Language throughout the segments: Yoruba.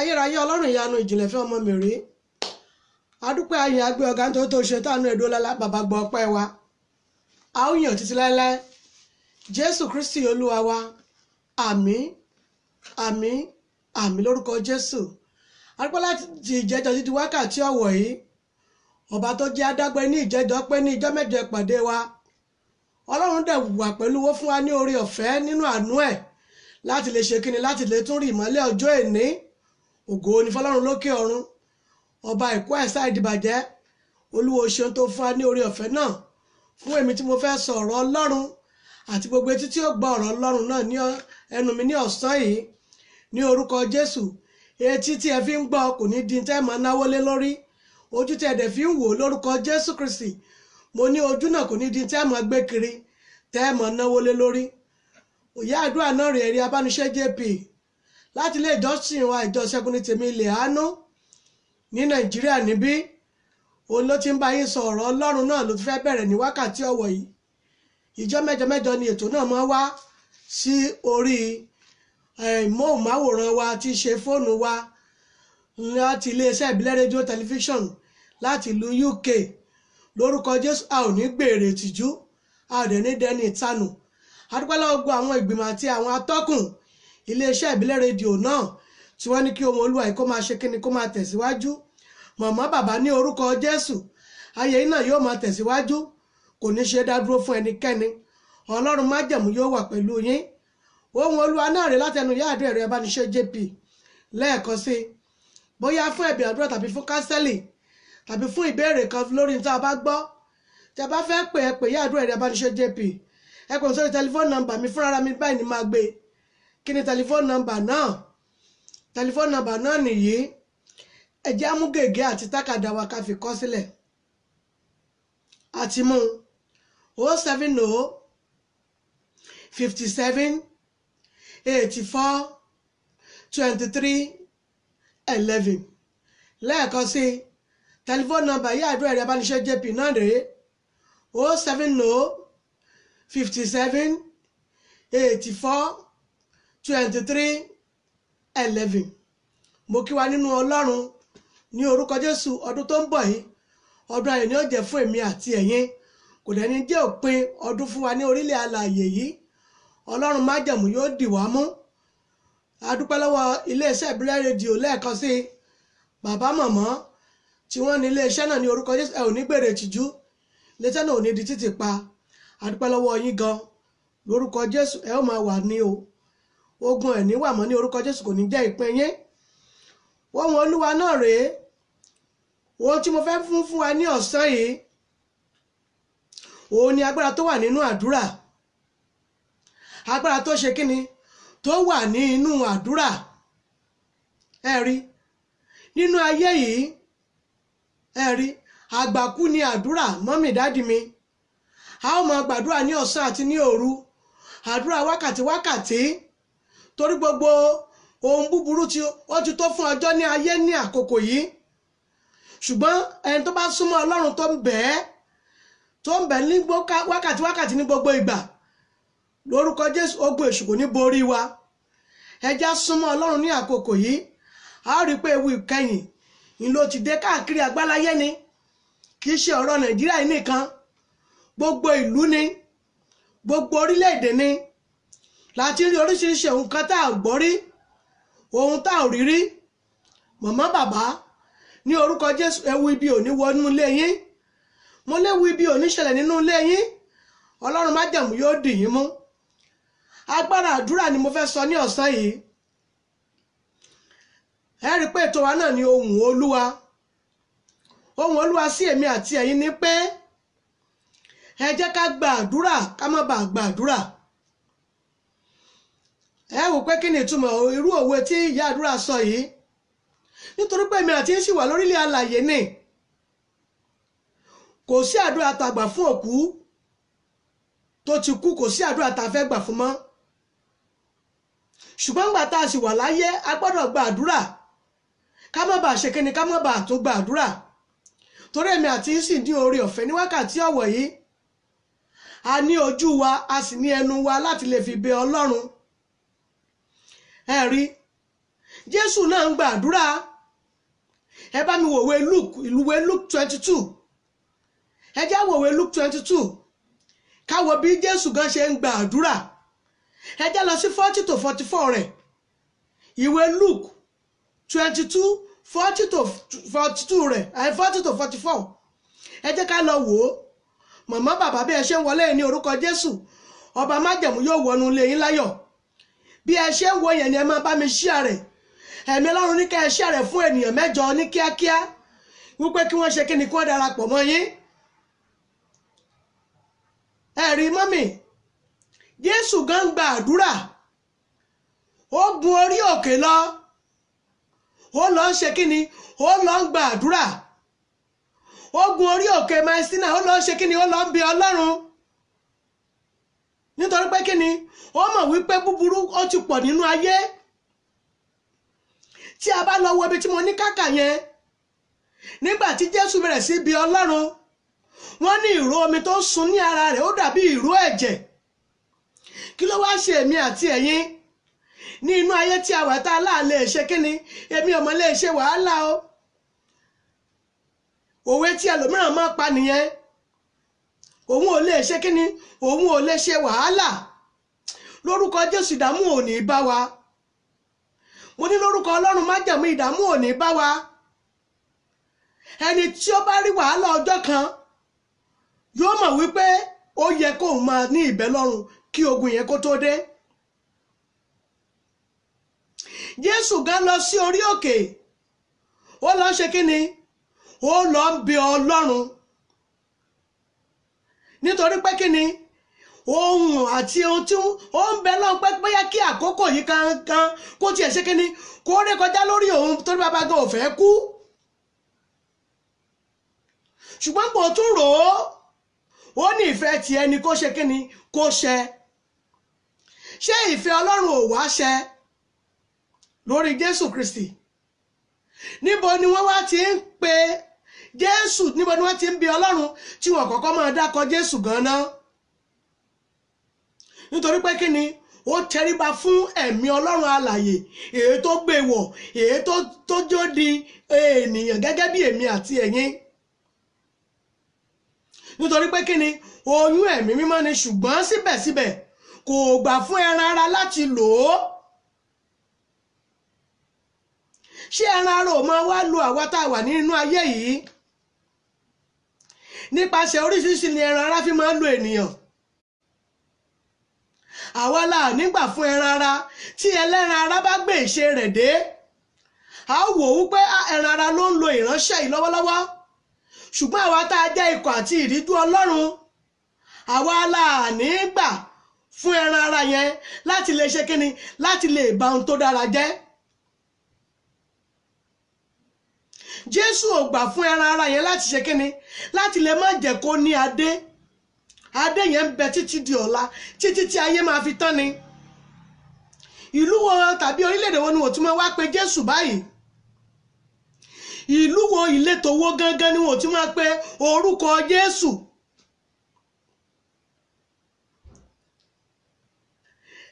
ayérayé ọlọ́run ìyanu ìjìnlẹ̀ fẹ́ ọmọ mi rèé adúpẹ́ ayìn agbé ọ̀gá tó tó ṣe tánú ẹ̀dọ́ lálá bàbá gbọ́ ọpẹ́ wa a ó yàn títí láéláé jésù kristi olúwa wa àmín àmín àmín lórúkọ jésù adúpẹ́ láti ìjẹ́jọ́ títí wákàtí ọ̀wọ̀ yìí ọba tó jẹ́ adágbé ní ìjẹ́jọ́ pé ní ìjọ́ mẹ́jọ ìpàdé wa ọlọ́run dẹ̀ wà pẹ̀lú owó fún wa ní oore ọ̀fẹ́ nínú àánú ẹ̀ láti lè ṣe kíni láti lè tún rí ìmọ́lẹ̀ ọjọ́ èní ògo ni fọlọ́run lókè ọ̀run ọba ìkó àìsàn ìdìbàjẹ́ olúwo ṣeun tó fún wa ní orí ọ̀fẹ́ náà fún èmi tí mo fẹ́ sọ ọ̀rọ̀ ọlọ́run àti gbogbo etí tí ó gba ọ̀rọ̀ ọlọ́run náà ní ẹnu mi ní ọ̀sán yìí ní orúkọ jésù etí tí ẹ fi ń gbọ́ kò ní di tẹ́ máa náwó lé lórí ojú tí ẹ dẹ̀ fi ń wò lórúkọ jésù kristi mo ní ojú náà kò ní di tẹ́ máa gbé kiri tẹ́ máa náwó lé lórí òyà àdúrà náà rèé rí abániṣẹ́ jp láti ilé ìjọsìn wa ìjọ Ṣẹ́gun ní tèmi ilẹ̀ àánú ní Nàìjíríà níbí òun ló ti ń bá yín sọ ọ̀rọ̀ Ọlọ́run náà ló ti fẹ́ bẹ̀rẹ̀ ní wákàtí ọ̀wọ̀ yìí ìjọ mẹ́jọ mẹ́jọ ni ètò náà máa wá sí orí móhùnmáwòrán wa tí ṣe fóònù wa láti iléeṣẹ́ ìbílẹ̀ rédíò tẹlifíṣọ̀n láti ìlú UK lórúkọ Jésù a ò ní gbèrè ìtìjú a ò dẹ̀ ní dẹni ìtanù adúpẹ́ lọ́wọ́ gbogbo àwọn ìgbìmọ̀ àti àwọn atọ́kùn iléeṣẹ́ ìbílẹ̀ rédíò náà tí wọ́n ní kí ohùn Olúwa yìí kó máa ṣe kíni kó máa tẹ̀síwájú màmá bàbá ní orúkọ Jésù ayé yìí náà yóò máa tẹ̀síwájú kò ní ṣe dádúró fún ẹnikẹ́ni Ọlọ́run májẹ̀mú yóò wà pẹ̀lú yín ohùn Olúwa náà rèé látẹnu yáàdó ẹ̀rọ ẹ̀bániṣẹ́ JP lẹ́ẹ̀kan sí i bóyá fún ẹ̀bẹ̀ àdúrà tàbí fún kánsẹ́lì tàbí fún ìbéèrè kan lórí tá a bá gbọ́ tí a bá fẹ́ pè é pè yáàdó ẹ̀rọ ẹ̀bániṣẹ́ JP ẹ kò sórí tẹlifóònù nọ́mbà mi fúnra mi báyìí ni máa gbé e kí ni telephone number náà telephone number náà nìyí ẹ jẹ́ á mú gègé àti tákàdá wa ká fi kọ sílẹ̀ àti mú o oh seven o oh, fifty seven eighty four twenty three eleven lẹ́ẹ̀kan sí telephone number yìí àdúrà ẹ̀rọ abániṣẹ́ jp náà rèé o oh seven o fifty seven eighty four twenty eleven mo kí wa nínú ọlọ́run ní orúkọ jésù ọdún tó ń bọ̀ yìí ọdún ayọ̀ ni ó jẹ́ fún èmi àti ẹ̀yin kò dẹ̀ ní jẹ́ òpin ọdún fún wa ní orílẹ̀ alààyè yìí ọlọ́run májẹ̀mú yóò dì wá mú adúpẹ́ lọ́wọ́ iléeṣẹ́ ìbílẹ̀ rédíò lẹ́ẹ̀kan sí bàbá mọ̀mọ́ tí wọ́n ní iléeṣẹ́ náà ní orúkọ jésù ẹ̀ ò ní gbèrè tìjú iléeṣẹ́ náà ò ní di títì pa adúpẹ́ lọ́wọ́ yín gan lórúkọ jésù ẹ̀ ó máa wà ní o ogun ẹ̀ níwà mọ́ ní orúkọ Jésù kò ní jẹ́ ìpín yín ohun Olúwa náà rèé ohun tí mo fẹ́ fún fún wa ní ọ̀sán yìí òun ni agbára tó wà nínú àdúrà agbára tó ṣe kíni tó wà ní inú àdúrà ẹ rí nínú ayé yìí ẹ rí àgbàkú ni àdúrà mọ́mì dáàdì mi a ó máa gbàdúrà ní ọ̀sán àti ní òru àdúrà wákàtí. wákàtí torí gbogbo ohun búburú tí wọ́n ti tó fún ọjọ́ ní ayé ní àkókò yìí ṣùgbọ́n ẹni tó bá súnmọ́ ọlọ́run tó ń bẹ̀ẹ́ tó ń bẹ̀ẹ́ ní wákàtí wákàtí ní gbogbo ìgbà lórúkọ jésù ogun èṣù kò ní borí wa ẹja súnmọ́ ọlọ́run ní àkókò yìí a rí i pé ewu ìkẹyìn ni ló ti dé káàkiri àgbáláyé ni kì í ṣe ọ̀rọ̀ nàìjíríà nìkan gbogbo ìlú ni gbogbo orílẹ̀-èdè ni láti rí oríṣiríṣi nǹkan tá a gbọ́ rí ohun tá a rí rí màmá bàbá ní orúkọ jésù ewu ibi òní wọnú ilé yín mo léwu ibi òní ṣẹlẹ̀ nínú ilé yín ọlọ́run májẹ̀mú yóò dì yín mú agbára àdúrà ni mo fẹ́ sọ ní ọ̀sán yìí ẹ rí i pé ètò wa náà ni ohùn olúwa ohùn olúwa sí èmi àti ẹ̀yin ni pé ẹ jẹ́ ká gba àdúrà ká má bàa gba àdúrà ẹ wò pé kí ni ìtumọ̀ irú òwe tí ìyá àdúrà sọ yìí nítorí pé èmi àti yín wà lórílẹ̀ àlàyé ni kò sí àdúrà tá a gbà fún òkú tó ti kú kò sí àdúrà tá a fẹ́ gbà fún mọ́ ṣùgbọ́n nígbà tá a sì wà láyé a gbọ́dọ̀ gba àdúrà ká má bàa ṣe kíni ká má bàa tó gba àdúrà torí èmi àti yín ní oore ọ̀fẹ́ ní wákàtí ọ̀wọ̀ yìí a ní ojú wa a sì ní ẹnu wa láti lè fi bẹ Ọlọ́run ẹ rí jésù náà ń gba àdúrà ẹ bá mi wòwe luke ìlúwe luke twenty two ẹ já wòwe luke twenty two káwo bí jésù gan ṣe ń ẹ lọ sí forty to forty four rẹ̀ ìwé luke twenty two forty to forty two rẹ̀ àì eh, forty to forty four ẹ jẹ́ ká lọ wò ó màmá bàbá bí ẹ ṣe ń wọlé ní orúkọ jésù bí ẹ ṣe ń wo yẹn ni ẹ máa bá mi share rẹ̀ ẹ̀mí ọlọ́run ní ká ẹ share fún ènìyàn mẹ́jọ ní kíákíá wípé kí wọ́n ṣe kí ni kí wọ́n darapọ̀ mọ́ yín ẹ̀rí mọ́mì jésù gan gba àdúrà ó gun orí òkè lọ ó lọ ń ṣe kíni ó lọ ń gba àdúrà ó gun orí òkè maisina ó lọ ń ṣe kíni ó lọ ń bi ọlọ́run nítorí pé kí ni ó mọ̀ wípé búburú ó ti pọ̀ nínú ayé tí a bá lọ wo ibi tí mo ní kàkà yẹn nígbà tí Jésù bẹ̀rẹ̀ sí bi Ọlọ́run wọ́n ní ìró omi tó sun ní ara rẹ̀ ó dàbí ìró ẹ̀jẹ̀ kí ló wá ṣe èmi àti ẹ̀yin ní inú ayé tí a wà tá a láà lè ṣe kí ni èmi ọmọ lè ṣe wàhálà o òwe tí ẹlòmíràn máa pa nìyẹn òun ò lè ṣe kíni òun ò lè ṣe wàhálà lórúkọ Jésù ìdààmú ò ní bá wa mo ní lórúkọ Ọlọ́run májẹ̀mú ìdààmú ò ní bá wa ẹni tí ó bá rí wàhálà ọjọ́ kan yóò mọ̀ wípé ó yẹ kó máa ní ìbẹ́ lọ́rùn kí ogun yẹn kó tó dé Jésù gan lọ sí orí òkè ó lọ ṣe kíni ó lọ ń Ọlọ́run. nítorí pé kí ni ohun àti ohun tí ó ń bẹ lọ́n pẹ́ bóyá kí àkókò yìí kankan kó tiẹ̀ ṣe kí ni kó rékọjá lórí òun torí bàbá gan ò fẹ́ kú ṣùgbọ́n kò tún rò ó ó ní ìfẹ́ ti ẹni kó ṣe kíni kó ṣẹ ṣé ìfẹ́ ọlọ́run ò wá ṣẹ lórí Jésù Kristi níbo ni wọ́n wá ti ń pe jésù níbo ni wọ́n ti ń bi ọlọ́run tí wọ́n kọ́kọ́ máa dákọ jésù gan-an nítorí pé kí ni ó tẹríba fún ẹ̀mí ọlọ́run alàyè èyí tó gbé wọ̀ èyí tó jó di ènìyàn gẹ́gẹ́ bí èmi àti ẹ̀yin nítorí pé kí ni oyún ẹ̀mí mímọ́ ni ṣùgbọ́n síbẹ̀síbẹ̀ kò gbà fún ẹran ara láti lò ó ṣé ẹran ara ò máa wá lo àwa tá a wà nínú ayé yìí nípasẹ̀ oríṣiríṣi ni ẹran ara fi máa ń lo ènìyàn àwa la nígbà fún ẹran ara tí ẹlẹ́ran ara bá gbé ìṣe rẹ̀ dé a wò ó pé ah, ẹran ara ló ń lo ìránṣẹ́ yìí lọ́wọ́lọ́wọ́ ṣùgbọ́n àwa tá a jẹ́ ikọ̀ àti ìríjú Ọlọ́run àwa la nígbà fún ẹran ara yẹn láti lè ṣe kíni láti lè bà ohun tó dára jẹ́ jésù ò gbà fún ẹran ara yẹn láti ṣe kíni láti lè má jẹ́ kó ní adé adé yẹn ń bẹ títí di ọ̀la títí tí ayé máa fi tán ni ìlú wo tàbí orílẹ̀-èdè wo ni wọ́n ti máa wá pe jésù báyìí ìlú wo ìletò wo gangan ni wọ́n ti máa pe orúkọ jésù.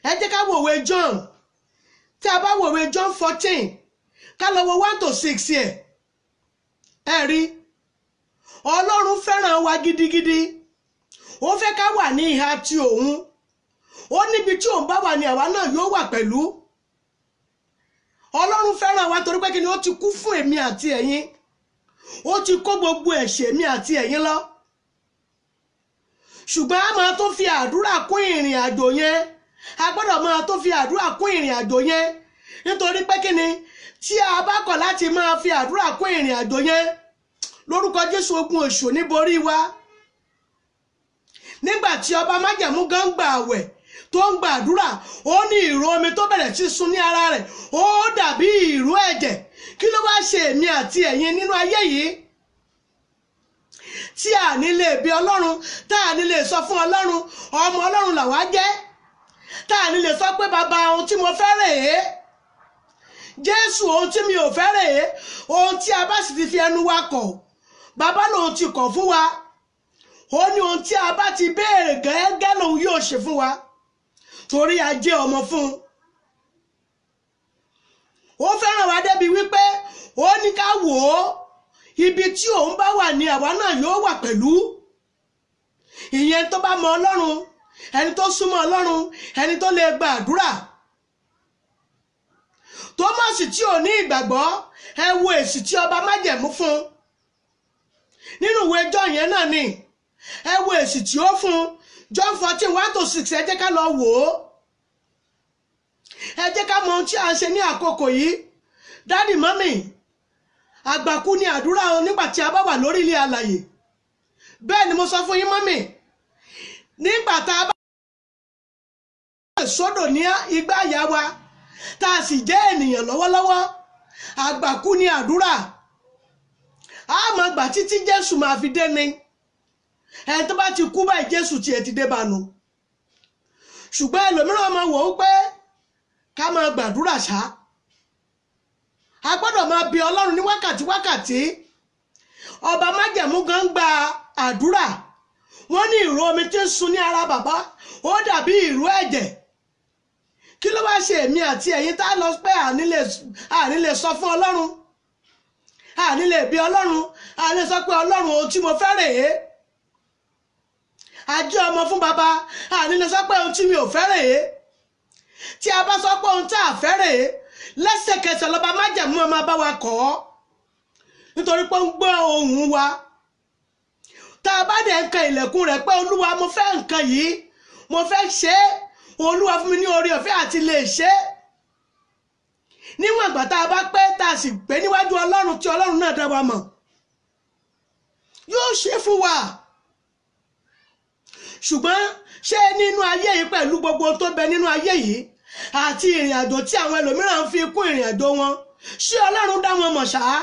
ẹ jẹ́ ká wòwe John tí a bá wòwe John fourteen ká lọ wo one to six yẹn. ẹ ọlọ́run fẹ́ràn wa gidigidi ó fẹ́ ká wà ní ìhà ti òun ó níbi tí òun bá wà ní àwa náà yóò wà pẹ̀lú ọlọ́run fẹ́ràn wa torí pé kí ni ó ti kú fún èmi àti ẹ̀yin ó ti kó gbogbo ẹ̀ṣẹ̀ mi àti ẹ̀yin lọ ṣùgbọ́n a máa tó fi àdúrà kún ìrìn àjò yẹn a gbọ́dọ̀ máa tó fi àdúrà kún ìrìn àjò yẹn nítorí pé kí ni tí a bá kọ̀ láti máa fi àdúrà kó ìrìn àjò yẹn lórúkọ Jésù ogun èṣù níborí wa nígbà tí ọba májẹ̀mú gan ń gba àwẹ̀ tó ń gba àdúrà ó ní ìró omi tó bẹ̀rẹ̀ sí sun ní ara rẹ̀ ó dàbí ìró ẹ̀jẹ̀ kí ló wá ṣe èmi àti ẹ̀yin nínú ayé yìí tí a ní lè ọlọ́run tá a ní sọ fún ọlọ́run ọmọ ọlọ́run làwa jẹ́ tá a ní sọ pé bàbá ohun tí mo fẹ́ rèé jésù ohun tí mi ò fẹ́ rèé ohun tí a bá sì ti fi ẹnu wa kọ̀ bàbá lòun ti kọ̀ fún wa ó ní ohun tí a bá ti béèrè gẹ́gẹ́ lòun yóò ṣe fún wa torí a jẹ́ ọmọ fún un ó fẹ́ràn wa débi wípé ó ní ká wò ó ibi tí òun bá wà ní àwa náà yóò wà pẹ̀lú ìyẹn tó bá mọ ọlọ́run ẹni tó súnmọ́ ọlọ́run ẹni tó lè gba àdúrà Tómásì tí ò ní ìgbàgbọ́ ẹ wo èsì tí ọba májẹ̀mú fún un nínú ìwé John yẹn náà ni ẹ wo èsì tí ó fún un John fourteen one to six ẹ jẹ́ ká lọ wò ó ẹ jẹ́ ká mọ ohun tí a ń ṣe ní àkókò yìí dádì mọ́mì àgbàkú ni àdúrà o nígbà tí a bá wà lórí ilé alàyè bẹ́ẹ̀ ni mo sọ fún yín mọ́mì nígbà tá a bá wà sódò ní igbá àyà wa tá a sì jẹ́ ènìyàn lọ́wọ́lọ́wọ́ àgbàkú ni àdúrà a máa gbà títí Jésù máa fi dé ni ẹni tó bá ti kú báyìí Jésù tiẹ̀ ti dé bá nu ṣùgbọ́n ẹlòmíràn máa wò ó pé ká máa gbàdúrà ṣá a gbọ́dọ̀ máa bi Ọlọ́run ní wákàtí wákàtí ọba májẹ̀mú gan gba àdúrà wọ́n ní ìró omi tí ń sun ní ara bàbá ó dàbí ìró ẹ̀jẹ̀ kí ló wáá ṣe èmi àti ẹ̀yin tá a lọ pé àní lè sọ fún ọlọ́run àní lè bi ọlọ́run àní sọ pé ọlọ́run ohun tí mo fẹ́ rèé àjọ ọmọ fún baba àní lè sọ pé ohun tí mi ò fẹ́ rèé tí a bá sọ pé ohun tá a fẹ́ rèé lẹ́sẹ̀kẹsẹ̀ lọ́ba májẹ̀mú ọmọ bá wa kọ́ nítorí pé ó ń gbọ́ ohùn wa tá a bá dẹ̀ ń kan ilẹ̀kùn rẹ̀ pé olúwa mo fẹ́ nǹkan yìí mo fẹ́ ṣe é olúwa fún mi ní oore ọ̀fẹ́ àti lè ṣe é níwọ̀n ìgbà tá a bá pẹ́ tá a sì pé níwájú ọlọ́run tí ọlọ́run náà dá wa mọ̀ yóò ṣe fún wa ṣùgbọ́n ṣé nínú ayé yìí pẹ̀lú gbogbo tó bẹ nínú ayé yìí àti ìrìn àjò tí àwọn ẹlòmíràn fi kún ìrìn àjò wọn ṣé ọlọ́run dá wọn mọ̀ ṣáá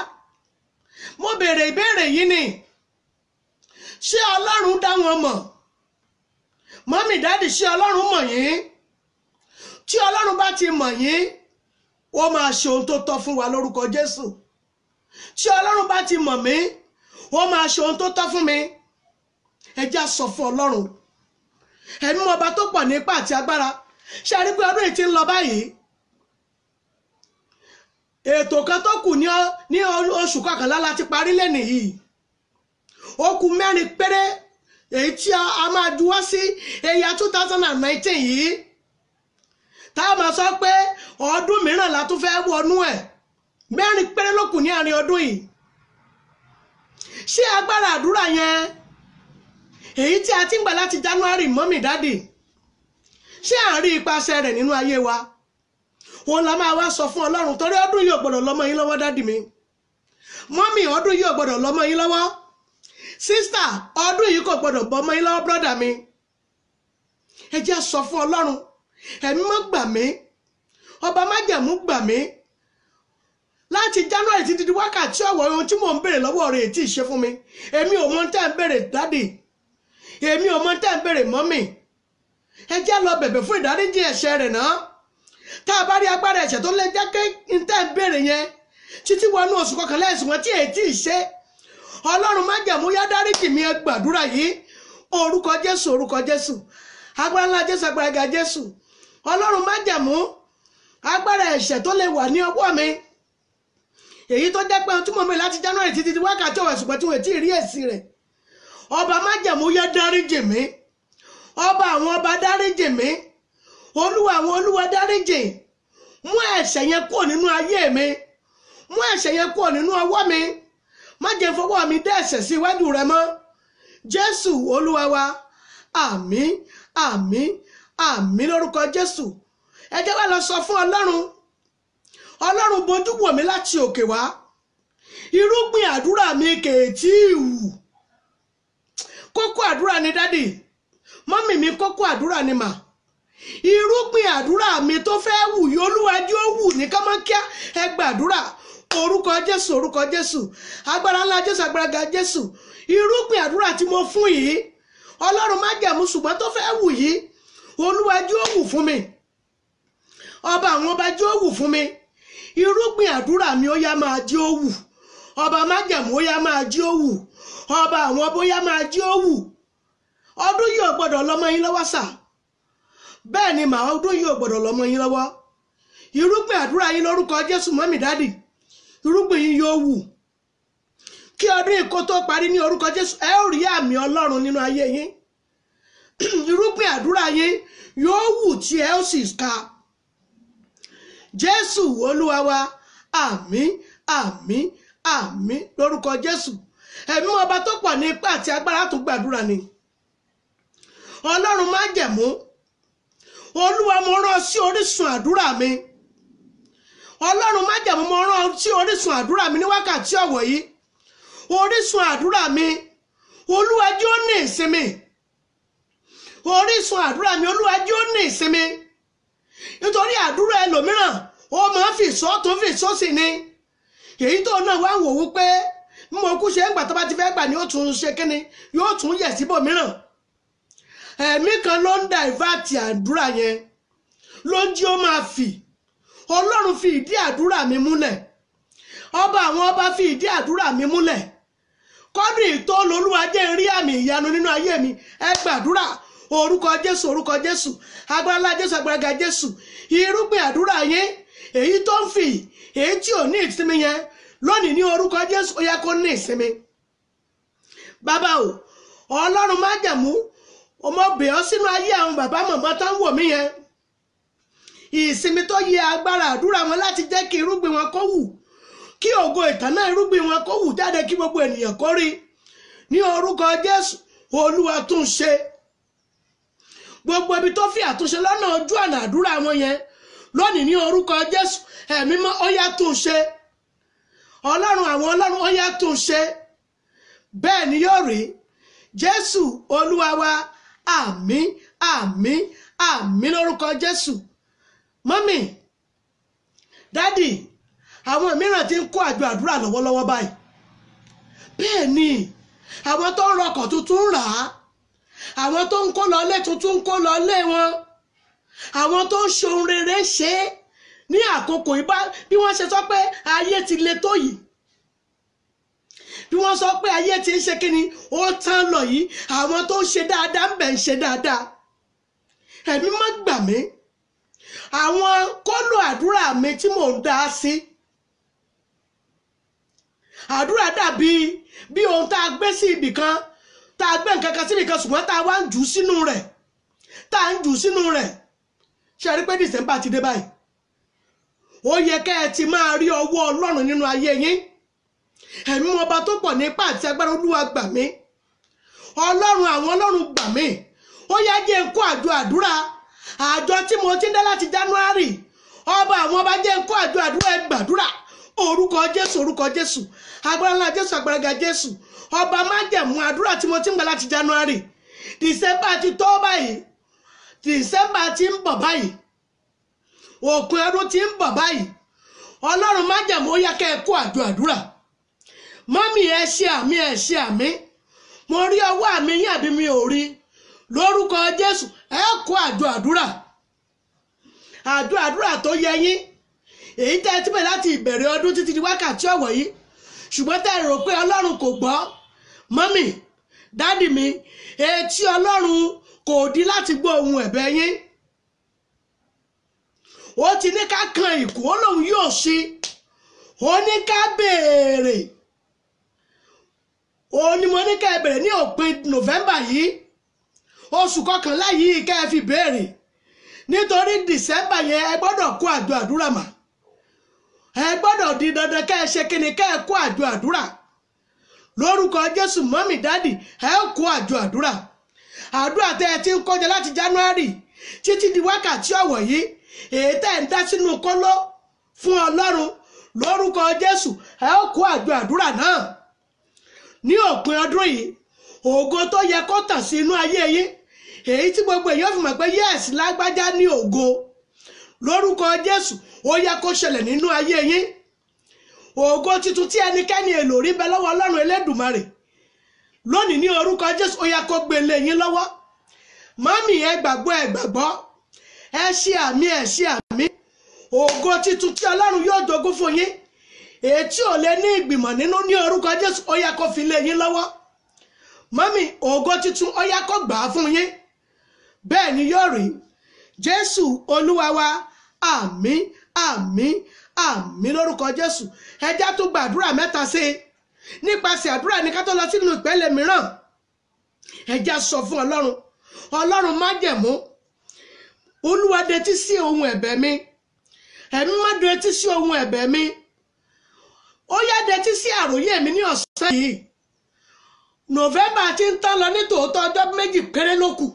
mo béèrè ìbéèrè yìí ni ṣé ọlọ́run dá wọn mọ̀ mọ́mì dáàdì ṣé ọlọ́run mọ̀ yín tí ọlọ́run bá ti mọ̀ yín ó máa ṣe ohun tó tọ́ fún wa lórúkọ jésù tí ọlọ́run bá ti mọ̀ mí ó máa ṣe ohun tó tọ́ fún mi ẹ já sọ fún ọlọ́run ẹ̀mí ọba tó pọ̀ nípa àti agbára ṣe àrí pé ọdún yìí ti ń lọ báyìí ètò kan tó kù ní oṣù kọkànlá láti parí lẹ́nìí yìí ó mẹ́rin péré èyí tí a máa juwọ́ sí ẹ̀yà 2019 yìí tá a máa sọ pé ọdún mìíràn la tún fẹ́ wọnú ẹ̀ mẹ́rin péré ló ní àárín ọdún yìí ṣé agbára àdúrà yẹn èyí tí a ti ń gbà láti January mọ́mì dádì ṣé à ipasẹ̀ rẹ̀ nínú ayé wa òun la máa wá sọ fún Ọlọ́run torí ọdún yìí ò gbọ́dọ̀ lọ́mọ yín lọ́wọ́ mi mọ́mì ọdún yìí ò gbọ́dọ̀ lọ́mọ yín sísítà ọdún yìí kò gbọdọ̀ bọ́ ọmọ yín lọ́wọ́ brọ́dà mi ẹ jẹ́ sọ fún ọlọ́run ẹ̀mí mọ́ gbà mí ọba májẹ̀mú gbà mí láti january títí di wákàtí ọ̀wọ̀ ohun tí mò ń béèrè lọ́wọ́ rẹ̀ tí ì ṣe fún mi èmi ò mọ tẹ́ ń béèrè dádì èmi ò mọ tẹ́ ń béèrè mọ́mì ẹ jẹ́ lọ bẹ̀bẹ̀ fún ìdáríjì ẹ̀ṣẹ̀ rẹ̀ náà tá a bá rí agbára ẹ̀ṣẹ̀ tó lè jẹ́ kí n tẹ́ ń béèrè yẹn títí wọnú oṣù kọkànlá ẹ̀sùn wọn tí èyí tí ì ṣe é ọlọ́run májẹ̀mú yá dáríjì mi ẹ gbàdúrà yìí orúkọ jésù orúkọ jésù agbára ńlá jésù agbára ga jésù ọlọ́run májẹ̀mú agbára ẹ̀ṣẹ̀ tó lè wà ní ọwọ́ mi èyí tó jẹ́ pé ohun tí mo mọ̀ láti january títí di wákàtí ọ̀wẹ̀ ṣùgbọ́n tí wọ́n ti rí èsì rẹ̀ ọba májẹ̀mú yá dáríjì mi ọba àwọn ọba dáríjì mi olúwa àwọn olúwa dáríjì mú ẹ̀ṣẹ̀ yẹn kúrò nínú ayé mi mú ẹ̀ṣẹ̀ yẹn kúrò nínú ọwọ́ mi má jẹ́ fọwọ́ mi dé ẹ̀ṣẹ̀ sí iwájú rẹ mọ́ jésù olúwa wa àmín àmín àmín lórúkọ jésù ẹ jẹ́ wá lọ sọ fún ọlọ́run ọlọ́run bojú wò mí láti òkè wá irúgbìn àdúrà mi kèétí ìwù kókó àdúrà ni dádì mọ́mì mi kókó àdúrà ni mà irúgbìn àdúrà mi tó fẹ́ wù yólúwájú ó wù ní kámákíá ẹ gbàdúrà orúkọ jésù orúkọ jésù agbára ńlá jésù agbára ga jésù irúgbìn àdúrà tí mo fún yìí ọlọ́run má jẹ̀mú ṣùgbọ́n tó fẹ́ wù yìí olúwajú ó wù fún mi ọba àwọn ọba jí ó fún mi irúgbìn àdúrà mi ó yá máa jí ó wù ọba májẹ̀mú ó yá máa jí ó wù ọba àwọn bóyá máa jí ó wù ọdún yìí ò gbọ́dọ̀ lọ́mọ yín lọ́wọ́ sà bẹ́ẹ̀ ni màá ọdún yìí ò gbọ́dọ̀ lọ́mọ yín lọ́wọ́ irúgbìn àdúrà yín lórúkọ jésù mọ́mì dádì irúgbìn yín yóò wù kí ọdún ìkó tó parí ní orúkọ Jésù ẹ ó rí àmì Ọlọ́run nínú ayé yín irúgbìn àdúrà yín yóò wù tí ẹ ó sì ká Jésù Olúwa wa àmín àmín lórúkọ Jésù ẹ̀mí ọba tó pọ̀ ní ipá àti agbára tó gbàdúrà ni Ọlọ́run má jẹ̀mú Olúwa mo rán sí orísun àdúrà mi ọlọ́run májẹ̀mú mo rán sí orísun àdúrà mi ní wákàtí ọ̀wọ̀ yìí orísun àdúrà mi olúwa jẹ́ ó ní ìsinmi orísun àdúrà mi olúwa jẹ́ ó ní ìsinmi nítorí àdúrà ẹlòmíràn ó máa ń fi sọ́ọ̀tún fi sósì ni èyí tó náà wá wò wó pé mo kú ṣe ń gbà tó bá ti fẹ́ gbà ni ó tún ṣe kíni yóò tún yẹ̀ síbòmíràn ẹ̀mí kan ló ń dàìváàtì àdúrà yẹn ló ń jí ó máa fì ọlọ́run fi ìdí àdúrà mi múlẹ̀ ọba àwọn ọba fi ìdí àdúrà mi múlẹ̀ kọ́dún ìtọ́ lolúwa jẹ́ rí àmì ìyanu nínú ayé mi ẹ gbàdúrà orúkọ jésù orúkọ jésù agbára jésù agbára jésù irúgbìn àdúrà yẹn èyí tó ń fì èyí tí ò ní ìsinmi yẹn lónìí ní orúkọ jésù ó yẹ kó ní ìsinmi bàbá o ọlọ́run má jẹ̀mú ọmọ bèọ́ sínú ayé àwọn bàbá màmá tá ń wò mí yẹn ìsinmi tó yẹ agbára àdúrà wọn láti jẹ́ kí irúgbìn wọn kó wù kí ògo ìtànná irúgbìn wọn kó wù jáde kí gbogbo ènìyàn kó rí ní orúkọ Jésù Olúwa tún ṣe gbogbo ibi tó fi àtúnṣe lọ́nà ojú ọ̀nà àdúrà wọn yẹn lónìí ní orúkọ Jésù ẹ̀mí mọ́ ó yá tún ṣe Ọlọ́run àwọn ọlọ́run ó yá tún ṣe bẹ́ẹ̀ ni yóò rí Jésù Olúwa wa àmín àmín àmín lórúkọ Jésù mọ́mì dádì àwọn mìíràn ti ń kó àjọ àdúrà lọ́wọ́lọ́wọ́ báyìí bẹ́ẹ̀ ni àwọn tó ń rọkọ̀ tuntun rà á àwọn tó ń kó lọlé tuntun ń kó lọlé wọn àwọn tó ń ṣe ohun rere ṣe é ní àkókò ìbá bí wọ́n ṣe sọ pé ayé ti le tó yìí bí wọ́n sọ pé ayé ti ń ṣe kí ni ó tán lọ yìí àwọn tó ń ṣe dáadáa ń bẹ̀ ń ṣe dáadáa ẹ̀mí má gbà mí àwọn kọ́nù àdúrà mi tí mò ń dá sí àdúrà dàbí bí ohun tá a gbé sí ibì kan tá a gbé nǹkan kan síbì kan ṣùgbọ́n tá a wá ń jù ú sínú rẹ̀ tá a ń jù ú sínú rẹ̀ ṣe rí pé December ti dé báyìí ó yẹ kẹ́ ẹ ti máa rí ọwọ́ Ọlọ́run nínú ayé yín ẹ̀mí ọba tó pọ̀ nípa àti agbára Olúwa gbà mí Ọlọ́run àwọn Ọlọ́run gbà mí ó yá jẹ́ ń kó àdúrà àjọ tí mo ti ń dá láti January ọba àwọn ọba jẹ́ nǹkan àjọ àdúrà ẹ gbàdúrà orúkọ Jésù orúkọ Jésù agbára ńlá Jésù agbára ga Jésù ọba májẹ̀mú àdúrà tí mo ti ń gbà láti January December ti tó báyìí December ti ń bọ̀ báyìí òkun ẹrú ti ń bọ̀ báyìí ọlọ́run májẹ̀mú ó yá kẹ́ ẹ kó àjọ àdúrà mọ́mì ẹ ṣe àmì ẹ ṣe àmì mo rí ọwọ́ àmì yín àbí mi ò rí i lórúkọ jésù ẹ kó àjọ àdúrà àjọ àdúrà tó yẹ yín èyí tẹ́ ẹ ti bẹ̀rẹ̀ láti ìbẹ̀rẹ̀ ọdún títí di wákàtí ọ̀wọ̀ yìí ṣùgbọ́n tẹ́ ẹ rò pé ọlọ́run kò gbọ́ mọ́mì dádì mi etí ọlọ́run kò di láti gbọ́ ohun ẹ̀bẹ̀ yín ó ti ní ká kan ìkú ó lòun yóò ṣe ó ní ká béèrè ó ní mo ní ká ẹ bẹ̀rẹ̀ ní òpin november yìí oṣù kọkànlá yìí kẹ́ ẹ fi béèrè nítorí dìsẹ́mbà yẹn ẹ gbọ́dọ̀ kó àjọ àdúrà mà ẹ gbọ́dọ̀ di dandan kẹ́ ẹ ṣe kíni kẹ́ ẹ kó àjọ àdúrà lórúkọ jésù mọ́mì dádì ẹ kó àjọ àdúrà àdúrà tẹ́ ẹ ti ń kọjá láti january títí di wákàtí ọ̀wọ̀ yìí èyí tẹ́ ẹ ń dá sínú kóló fún ọlọ́run lórúkọ jésù ẹ kó àjọ àdúrà náà ní òpin ọdún yìí Ogo tó yẹ kó tàn sí inú ayé yín èyí tí gbogbo èèyàn fi mọ̀ pé yẹ́ẹ̀sì lágbájá ní ògo lórúkọ jésù ó yẹ kó ṣẹlẹ̀ nínú ayé yín Ogo tuntun tí ẹnikẹ́ni èlò rí bẹ lọ́wọ́ ọlọ́run elédùmarè lónìí ní orúkọ jésù ó yẹ kó gbélé yín lọ́wọ́ mọ́mì ẹ gbàgbọ́ ẹ gbàgbọ́ ẹ ṣe àmì ẹ ṣe àmì Ogo tuntun tí ọlọ́run yóò jogún fún yín èyí tí ò lè ní ìgbìmọ̀ nínú ní orúkọ jésù ó yẹ kó mọ́mì ògo titun ọyá kó gbà á fún yín bẹ́ẹ̀ ni yóò rí jésù olúwa wa àmín àmín àmín lórúkọ jésù ẹjá tún gba àdúrà mẹ́ta sí i nípasẹ̀ àdúrà ní ká tó lọ sínú ìpele mìíràn ẹjá sọ fún ọlọ́run ọlọ́run má jẹ̀mú olúwa detí sí ohun ẹ̀bẹ̀ mi ẹ̀mí má detí sí ohun ẹ̀bẹ̀ mi ó yá detí sí àròyé mi ní ọ̀sán yìí november ti ń tán lọ ní tòótọ́ ọjọ́ méjì péré ló kù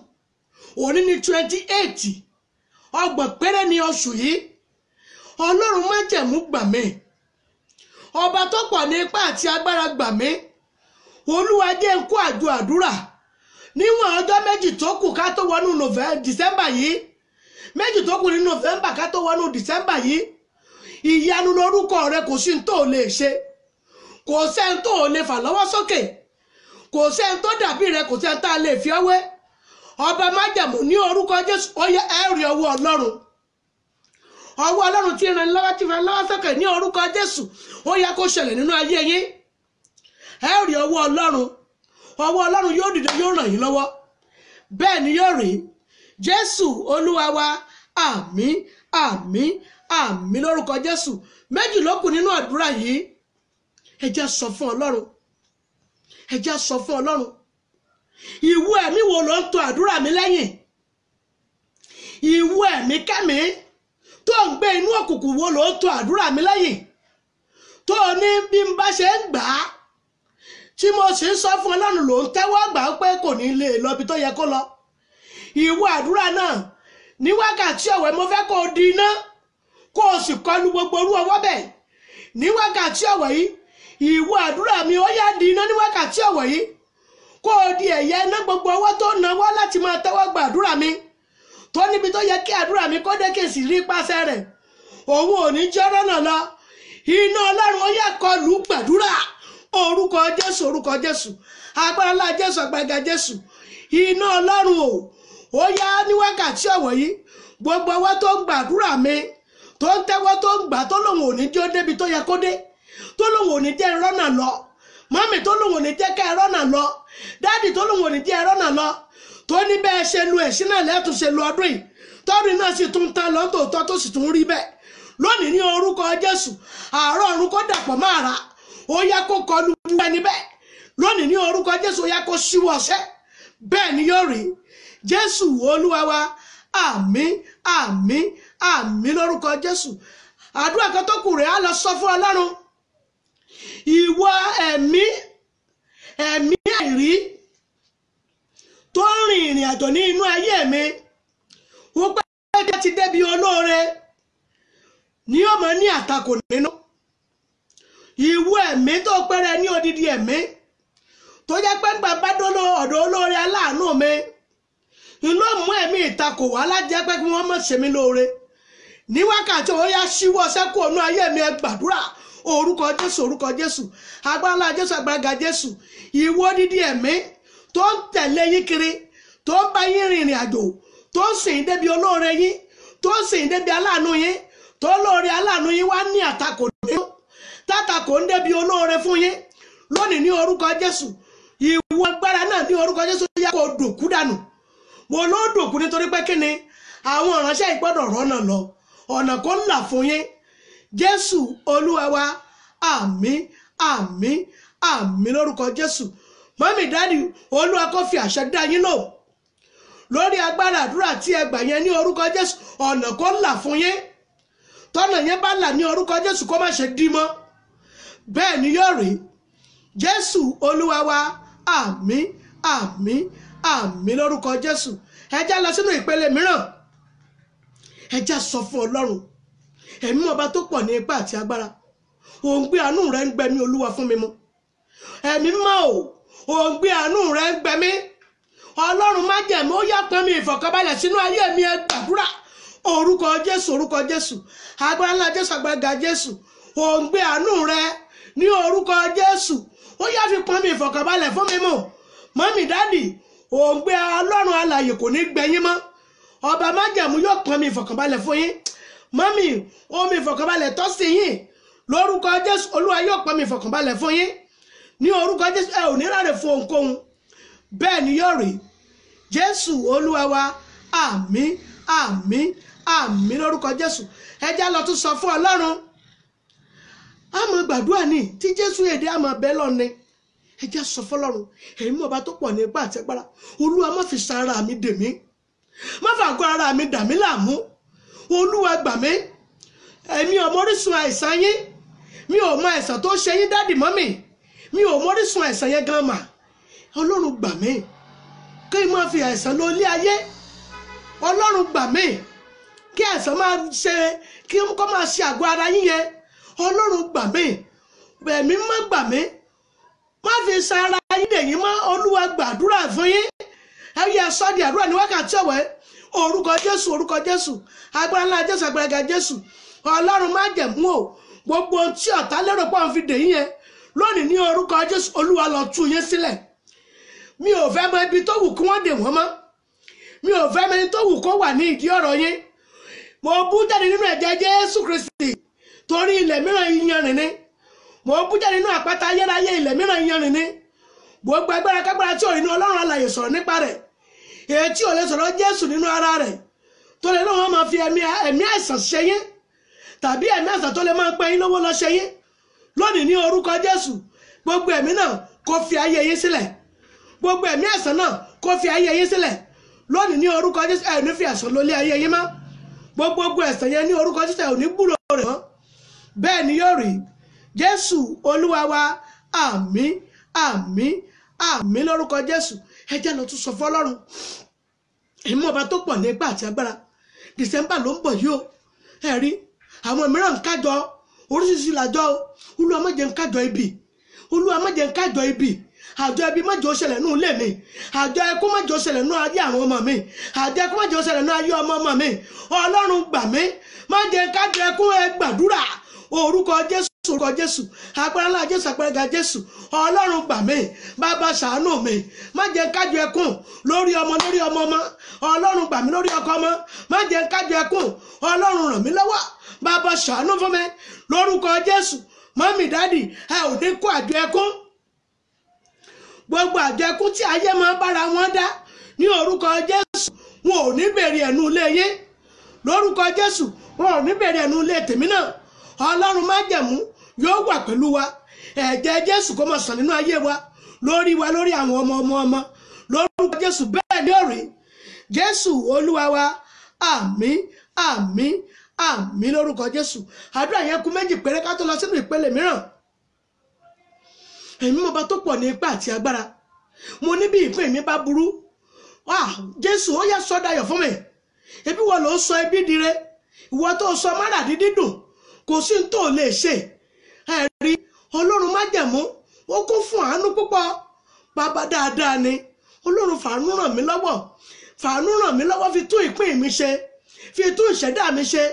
òní ni twenty eight ọgbọ̀n péré ni oṣù yìí ọlọ́run májẹ̀mú gbà mí ọba tó pọ̀ ní ipá àti agbára gbà mí olúwa jẹ́ ń kó àjọ àdúrà níwọ̀n ọjọ́ méjì tó kù ká tó wọnú december yìí méjì tó kù ní november ká tó wọnú december yìí ìyanu lórúkọ rẹ kò sí ní tó lè ṣe kò sẹ́ni tó lè fà lọ́wọ́ sókè. Okay kò sẹ́ni tó dàbí rẹ kò sẹ́ni tá a lè fi ọ́ ọba májàmú ní orúkọ jésù ó yẹ ẹ̀rí ọwọ́ ọlọ́run ọwọ́ ọlọ́run ti ìran lọ́wọ́ tí ìran lọ́wọ́ sókè ní orúkọ jésù ó yẹ kó ṣẹlẹ̀ nínú ayé yín ẹ̀rí ọwọ́ ọlọ́run ọwọ́ ọlọ́run yóò dìde yóò ràn yín lọ́wọ́ bẹ́ẹ̀ ni yóò rí jésù olúwa wa àmì àmì àmín lórúkọ jésù méjì ló nínú àdúrà yìí ẹ jẹ́ sọ fún ọlọ́run ẹ jẹ́ sọ fún ọlọ́run ìwú ẹ̀mí wo ló ń tọ àdúrà mi lẹ́yìn ìwú ẹ̀mí kẹ́mi tó ń gbé inú òkùnkùn wo ló ń tọ àdúrà mi lẹ́yìn tó o ní bí n bá ṣe ń gbà á tí mo sì ń sọ fún ọlọ́run ló ń tẹ́wọ́ gbà pé kò ní lè lọ ibi tó yẹ kó lọ ìwú àdúrà náà ní wákàtí ọ̀wẹ́ mo fẹ́ kó o di iná kó o sì kọlu gbogbo orú ọwọ́ bẹ́ẹ̀ ní wákàtí ọ̀wẹ́ yìí ìwọ àdúrà mi ó yá di iná ní wákàtí ọ̀wọ̀ yìí kó o di ẹ̀yẹ iná gbogbo ọwọ́ tó náwó láti máa tẹ́wọ́ gba àdúrà mi tó níbi tó yẹ kí àdúrà mi kó dé kí n sì rí pàṣẹ rẹ̀ òun ò ní jọ́rọ́ náà lọ iná ọlọ́run ó yá kọlù gbàdúrà orúkọ jésù orúkọ jésù agbára ńlá jésù àgbàgà jésù iná ọlọ́run o ó yá ní wákàtí ọ̀wọ̀ yìí gbogbo ọwọ́ tó ń gbàdúrà mi tó ń tẹ́wọ́ tó ń gbà tó lòun ò ní jó débi tó yẹ kó dé. tó lòun ò ní jẹ́ irọ́ náà lọ mọ́mì tó lòun na jẹ́ ká irọ́ náà lọ dáàdì na lòun jẹ́ náà lọ tó ní bẹ́ẹ̀ lu ẹ̀sìn náà lẹ́tùn ṣe lu ọdún yìí náà sì ta lọ́ńtòótọ́ tó sì tún rí bẹ́ẹ̀ lónìí ní orúkọ Jésù àárọ̀ ọ̀run kó dàpọ̀ máa rà ó kó kọlu ẹni bẹ́ẹ̀ lónìí ní Jésù kó ṣíwọ́ ni yóò rí Jésù Olúwa wa àmín Jésù àdúrà á lọ sọ fún Ọlọ́run ìwọ ẹ̀mí ẹ̀mí àìrí tó ń rin ìrìn àjò ní inú ayé mi ó pẹ́ bí a ti débi olóore ní ọmọ ní àtakò nínú ìwọ ẹ̀mí tó pẹ́rẹ́ ní odidi ẹ̀mí tó jẹ́ pé nígbà bá dọ́lọ́ ọ̀dọ̀ olóore aláàánú mi inú mú ẹ̀mí ìtakò wá láti jẹ́ pé kí wọ́n mọ̀ ṣe mí lóore ní wákàtí òun yá ṣíwọ́ sẹ́kù ọ̀nà ayé mi ẹ gbàdúrà orúkọ jésù orúkọ jésù agbára jésù agbára jésù ìwọ dídí ẹ̀mí tó ń tẹ̀lé yín kiri tó ń bá yín rìnrìn àjò tó ń sìn débi olóore yín tó ń sìn débi aláàánú yín tó lóore aláàánú yín wá ní àtakò nínú tátakò ń débi olóore fún yín lónìí ní orúkọ jésù ìwọ agbára náà ní orúkọ jésù yá kó dòkú dànù mo ló dòkú nítorí pé kí ni àwọn ìránṣẹ́ ìgbọ́dọ̀ rọ́nà lọ ọ̀nà kó ń là fún yín jésù olúwa wa àmín àmín àmín lórúkọ jésù mọ́mí dáàdì olúwa kó fi àṣẹ dá yín lò lórí agbára àdúrà tí ẹ gbà yẹn ní orúkọ jésù ọ̀nà kó là fún yín tọ́nà yẹn bá là ní orúkọ jésù kó má ṣe dí mọ́ bẹ́ẹ̀ ni yóò rí jésù olúwa wa àmín àmín àmín lórúkọ jésù ẹ já lọ sínú ìpele mìíràn ẹ já sọ fún ọlọ́run ẹ̀mí ọba tó pọ̀ ní ipá àti agbára òun gbé àánú rẹ ń gbẹmí olúwa fún mi mu ẹ̀mí mọ́ rẹ ń gbẹmí ọlọ́run má jẹ̀mí ó yá mi ìfọ̀kànbalẹ̀ sínú ayé mi ẹ gbàdúrà orúkọ jésù orúkọ jésù agbára ńlá jésù ga gbé àánú rẹ ní orúkọ jésù ó yá fi pọ́n mi ìfọ̀kànbalẹ̀ fún mi mu mọ́mí dáàdì òun gbé ọlọ́run alààyè kò ní gbẹ̀yìn mọ́ ọba má jẹ̀mú yóò pọ́n mi mọ́mì omi ìfọ̀kànbalẹ̀ tọ́ sí yín lórúkọ jésù olúwa yóò pọ́n mi ìfọ̀kànbalẹ̀ fún yín ní orúkọ jésù ẹ ò ní ráre fún ohunkóhun bẹ́ẹ̀ ni yóò rí jésù olúwa wa àmín àmín àmín lórúkọ jésù ẹjẹ́ lọ tún sọ fún ọlọ́run àmọ́ gbàdúrà ni tí jésù èdè àmọ́ bẹ́ẹ̀ lọ ni ẹjẹ́ sọ fọlọ́run èyí mọ̀ bá tó pọ̀ ní ipá àtẹ́gbára olúwa má fi sa ara mi dè mí má fàgọ́ ara mi dà mí láàmú olúwa gbà mí èmi ò mọ̀rísun àìsàn yín mi ò mọ àìsàn tó ṣe yín dáàdì mọ́mì mi ò mọ̀rísun àìsàn yẹn gan mà ọlọ́run gbà mí kí n máa fi àìsàn lọ ilé ayé ọlọ́run gbà mí kí àìsàn máa ṣe kí n kọ́ máa ṣe àgọ́ ara yín yẹn ọlọ́run gbà mí ẹ̀mí má gbà mí má fi sara yín dèyí mọ́ olúwa gbàdúrà fún yín ẹ yẹ sọ́ àdúrà ní wákàtí ọ̀wẹ́ orúkọ jésù orúkọ jésù agbára ńlá jésù agbára ga jésù ọlọ́run má jẹ̀mú o gbogbo ohun tí ọ̀tá lérò pọ̀ ń fi dè yín yẹn lónìí ní orúkọ jésù olúwa lọ tú yín sílẹ̀ mi ò fẹ́ mọ ibi tó wù kí wọ́n dè wọ́n mọ́ mi ò fẹ́ mọ ẹni tó wù kó wà ní ìdí ọ̀rọ̀ yín mo bú jáde nínú ẹ̀jẹ̀ jésù kristi torí ilẹ̀ mìíràn iyanrìn ni mo bú jáde nínú àpáta ayérayé ilẹ̀ mìíràn iyanrìn ni gbogbo agbára kágbára tí ò rí ní ọlọ́run alààyè sọ̀rọ̀ nípa rẹ̀ èyí tí ò lè sọ̀rọ̀ Jésù nínú ara rẹ̀ tó lè náà wọ́n máa fi ẹ̀mí àìsàn ṣe yín tàbí ẹ̀mí àìsàn tó lè máa pẹ́ yín lọ́wọ́ lọ ṣe yín lónìí ní orúkọ Jésù gbogbo ẹ̀mí náà kó fi ayé yín sílẹ̀ gbogbo ẹ̀mí àìsàn náà kó fi ayé yín sílẹ̀ lónìí ní orúkọ Jésù ẹ̀ ní fi àìsàn lólé ayé yín mọ́ gbogbogbò ẹ̀sán yẹn ní orúkọ Jésù ẹ̀ ò ní gbúrò rẹ̀ mọ́ bẹ́ẹ̀ ni yóò rí Jésù Olúwa wa àmín àmín àmín lórúkọ Jésù ẹ jẹ́ lọ tún sọ fọlọ́run ìmọ̀ ọba tó pọ̀ nígbà àti agbára dìsẹ́mbà ló ń bọ̀ yìí o ẹ rí àwọn mìíràn ń kájọ oríṣiríṣi làjọ o olúwa má jẹ́ ń kájọ ibi olúwa má jẹ́ ń kájọ ibi àjọ ẹbí má jẹ́ ó ṣẹlẹ̀ nù ilé mi àjọ ẹkú má jẹ́ ó ṣẹlẹ̀ nù ayé àwọn ọmọ mi àjọ ẹkú má jẹ́ ó ṣẹlẹ̀ nù ayé ọmọ ọmọ mi ọlọ́run gbà mí má jẹ́ kájọ ẹkú ẹ gbàdúrà orúkọ orúkọ jésù agbára ńlá jésù agbára ga jésù ọlọ́run gbà mí bàbá ṣàánú mi má jẹ́ kájọ ẹkùn lórí ọmọ lórí ọmọ mọ́ ọlọ́run gbà mí lórí ọkọ mọ́ má jẹ́ kájọ ẹkùn ọlọ́run ràn mí lọ́wọ́ bàbá ṣàánú fún mi lórúkọ jésù mọ́mì dádì ẹ ò ní kó àjọ ẹkùn gbogbo àjọ ẹkùn tí ayé máa bára wọn dá ní orúkọ jésù wọn ò ní bèrè ẹnu ilé yé lórúkọ jésù wọn ò ní bèrè ẹnu ilé tèmi náà ọlọ́run má jẹ̀mú yóò wà pẹ̀lú wa ẹ̀jẹ̀ jésù kó máa sàn nínú ayé wa lórí wa lórí àwọn ọmọ ọmọ ọmọ lórúkọ jésù bẹ́ẹ̀ ni òrè jésù olúwa wa àmín àmín àmín lórúkọ jésù àdúrà yẹn kù méjì péré ká tó lọ sínú ìpele mìíràn ẹ̀mí mọba tó pọ̀ ní ipá àti agbára mo ní bí ìpín mi bá burú jésù ó yẹ sọ dayọ̀ fún mi ebi wọn ló sọ ẹbí dire ìwọ tó sọ máràdídídùn kò sí ní tó lè ṣe ọlọ́run májẹ̀mú ó kún fún àánú púpọ̀ bàbá dáadáa ni ọlọ́run fàánú ràn mí lọ́wọ́ fàánú ràn mí lọ́wọ́ fi tún ìpín mi ṣe fi tún ìṣẹ̀dá mi ṣe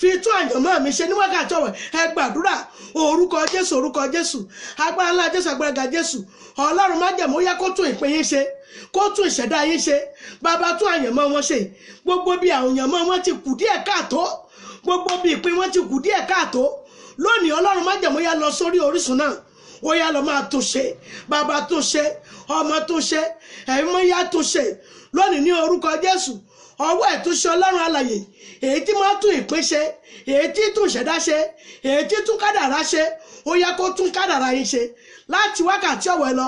fi tún àyànmọ́ mi ṣe ní wákàtí ọ̀wẹ̀ ẹ gbàdúrà orúkọ jésù orúkọ jésù agbára ńlá jésù agbára ga jésù ọlọ́run májẹ̀mú yá kó tún ìpín yín ṣe kó tún ìṣẹ̀dá yín ṣe bàbá tún àyànmọ́ wọn ṣe gbogbo bí àyànmọ́ wọn ti kù díẹ̀ káàtó gbogbo bí ìpín wọn ti kù díẹ̀ káàtó lónìí ọlọ́run má jẹ̀mú yá lọ sórí orísun náà ó yá lọ máa tún ṣe bàbá tún ṣe ọmọ tún ṣe ẹ̀mí mọ́ yá tún ṣe lónìí ní orúkọ jésù ọwọ́ ẹ̀túnṣe ọlọ́run alàyè èyí tí máa tún ìpín ṣe èyí tí tún ṣẹ̀dá ṣe èyí tí tún kádàrá ṣe ó yẹ kó tún kádàrá yín ṣe láti wákàtí ọ̀wẹ́ lọ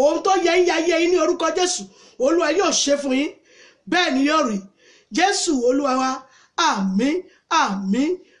ohun tó yẹ ń ya yẹ yín ní orúkọ jésù olúwa yóò ṣe fún yín bẹ́ẹ̀ ni yóò rí jésù olúwa wa àmín àmín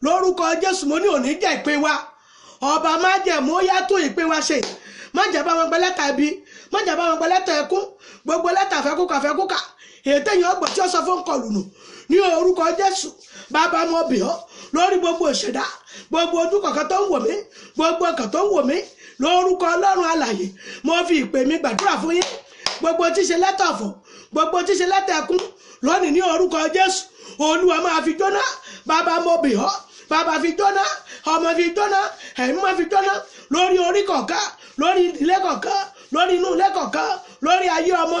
lórúkọ jésù mo ní òní jẹ́ ìpè wa ọba má jẹ́ mú yá tó ìpè wa ṣe má jẹ́ bá wọn gbẹ lẹ́tà ibi má jẹ́ bá wọn gbẹ lẹ́tà ẹkún gbogbo lẹ́tà fẹ́kúkà fẹ́kúkà ètò èèyàn ọgbọ̀n tí ó sọ fún kọlù nù ní orúkọ jésù bàbá mo bì ọ́ lórí gbogbo òṣèdá gbogbo ojú kọ̀ọ̀kan tó ń wò mí gbogbo ọkàn tó ń wò mí lórúkọ ọlọ́run alàyè mo fi ìpè mi gbàdúrà fún yín gbogbo tí ṣe lẹ́tà ọ̀fọ̀ gbogbo tí ṣe lẹ́tà ẹkún lónìí ní orúkọ jésù olúwa máa fi jóná bàbá mo bì ọ́ bàbá fi jóná ọmọ fi jóná ẹ̀mí mọ́ fi jóná lórí orí kọ̀ọ̀kan lórí ìdílé kọ̀ọ̀kan lórí inú ilé kọ̀ọ̀kan lórí ayé ọmọ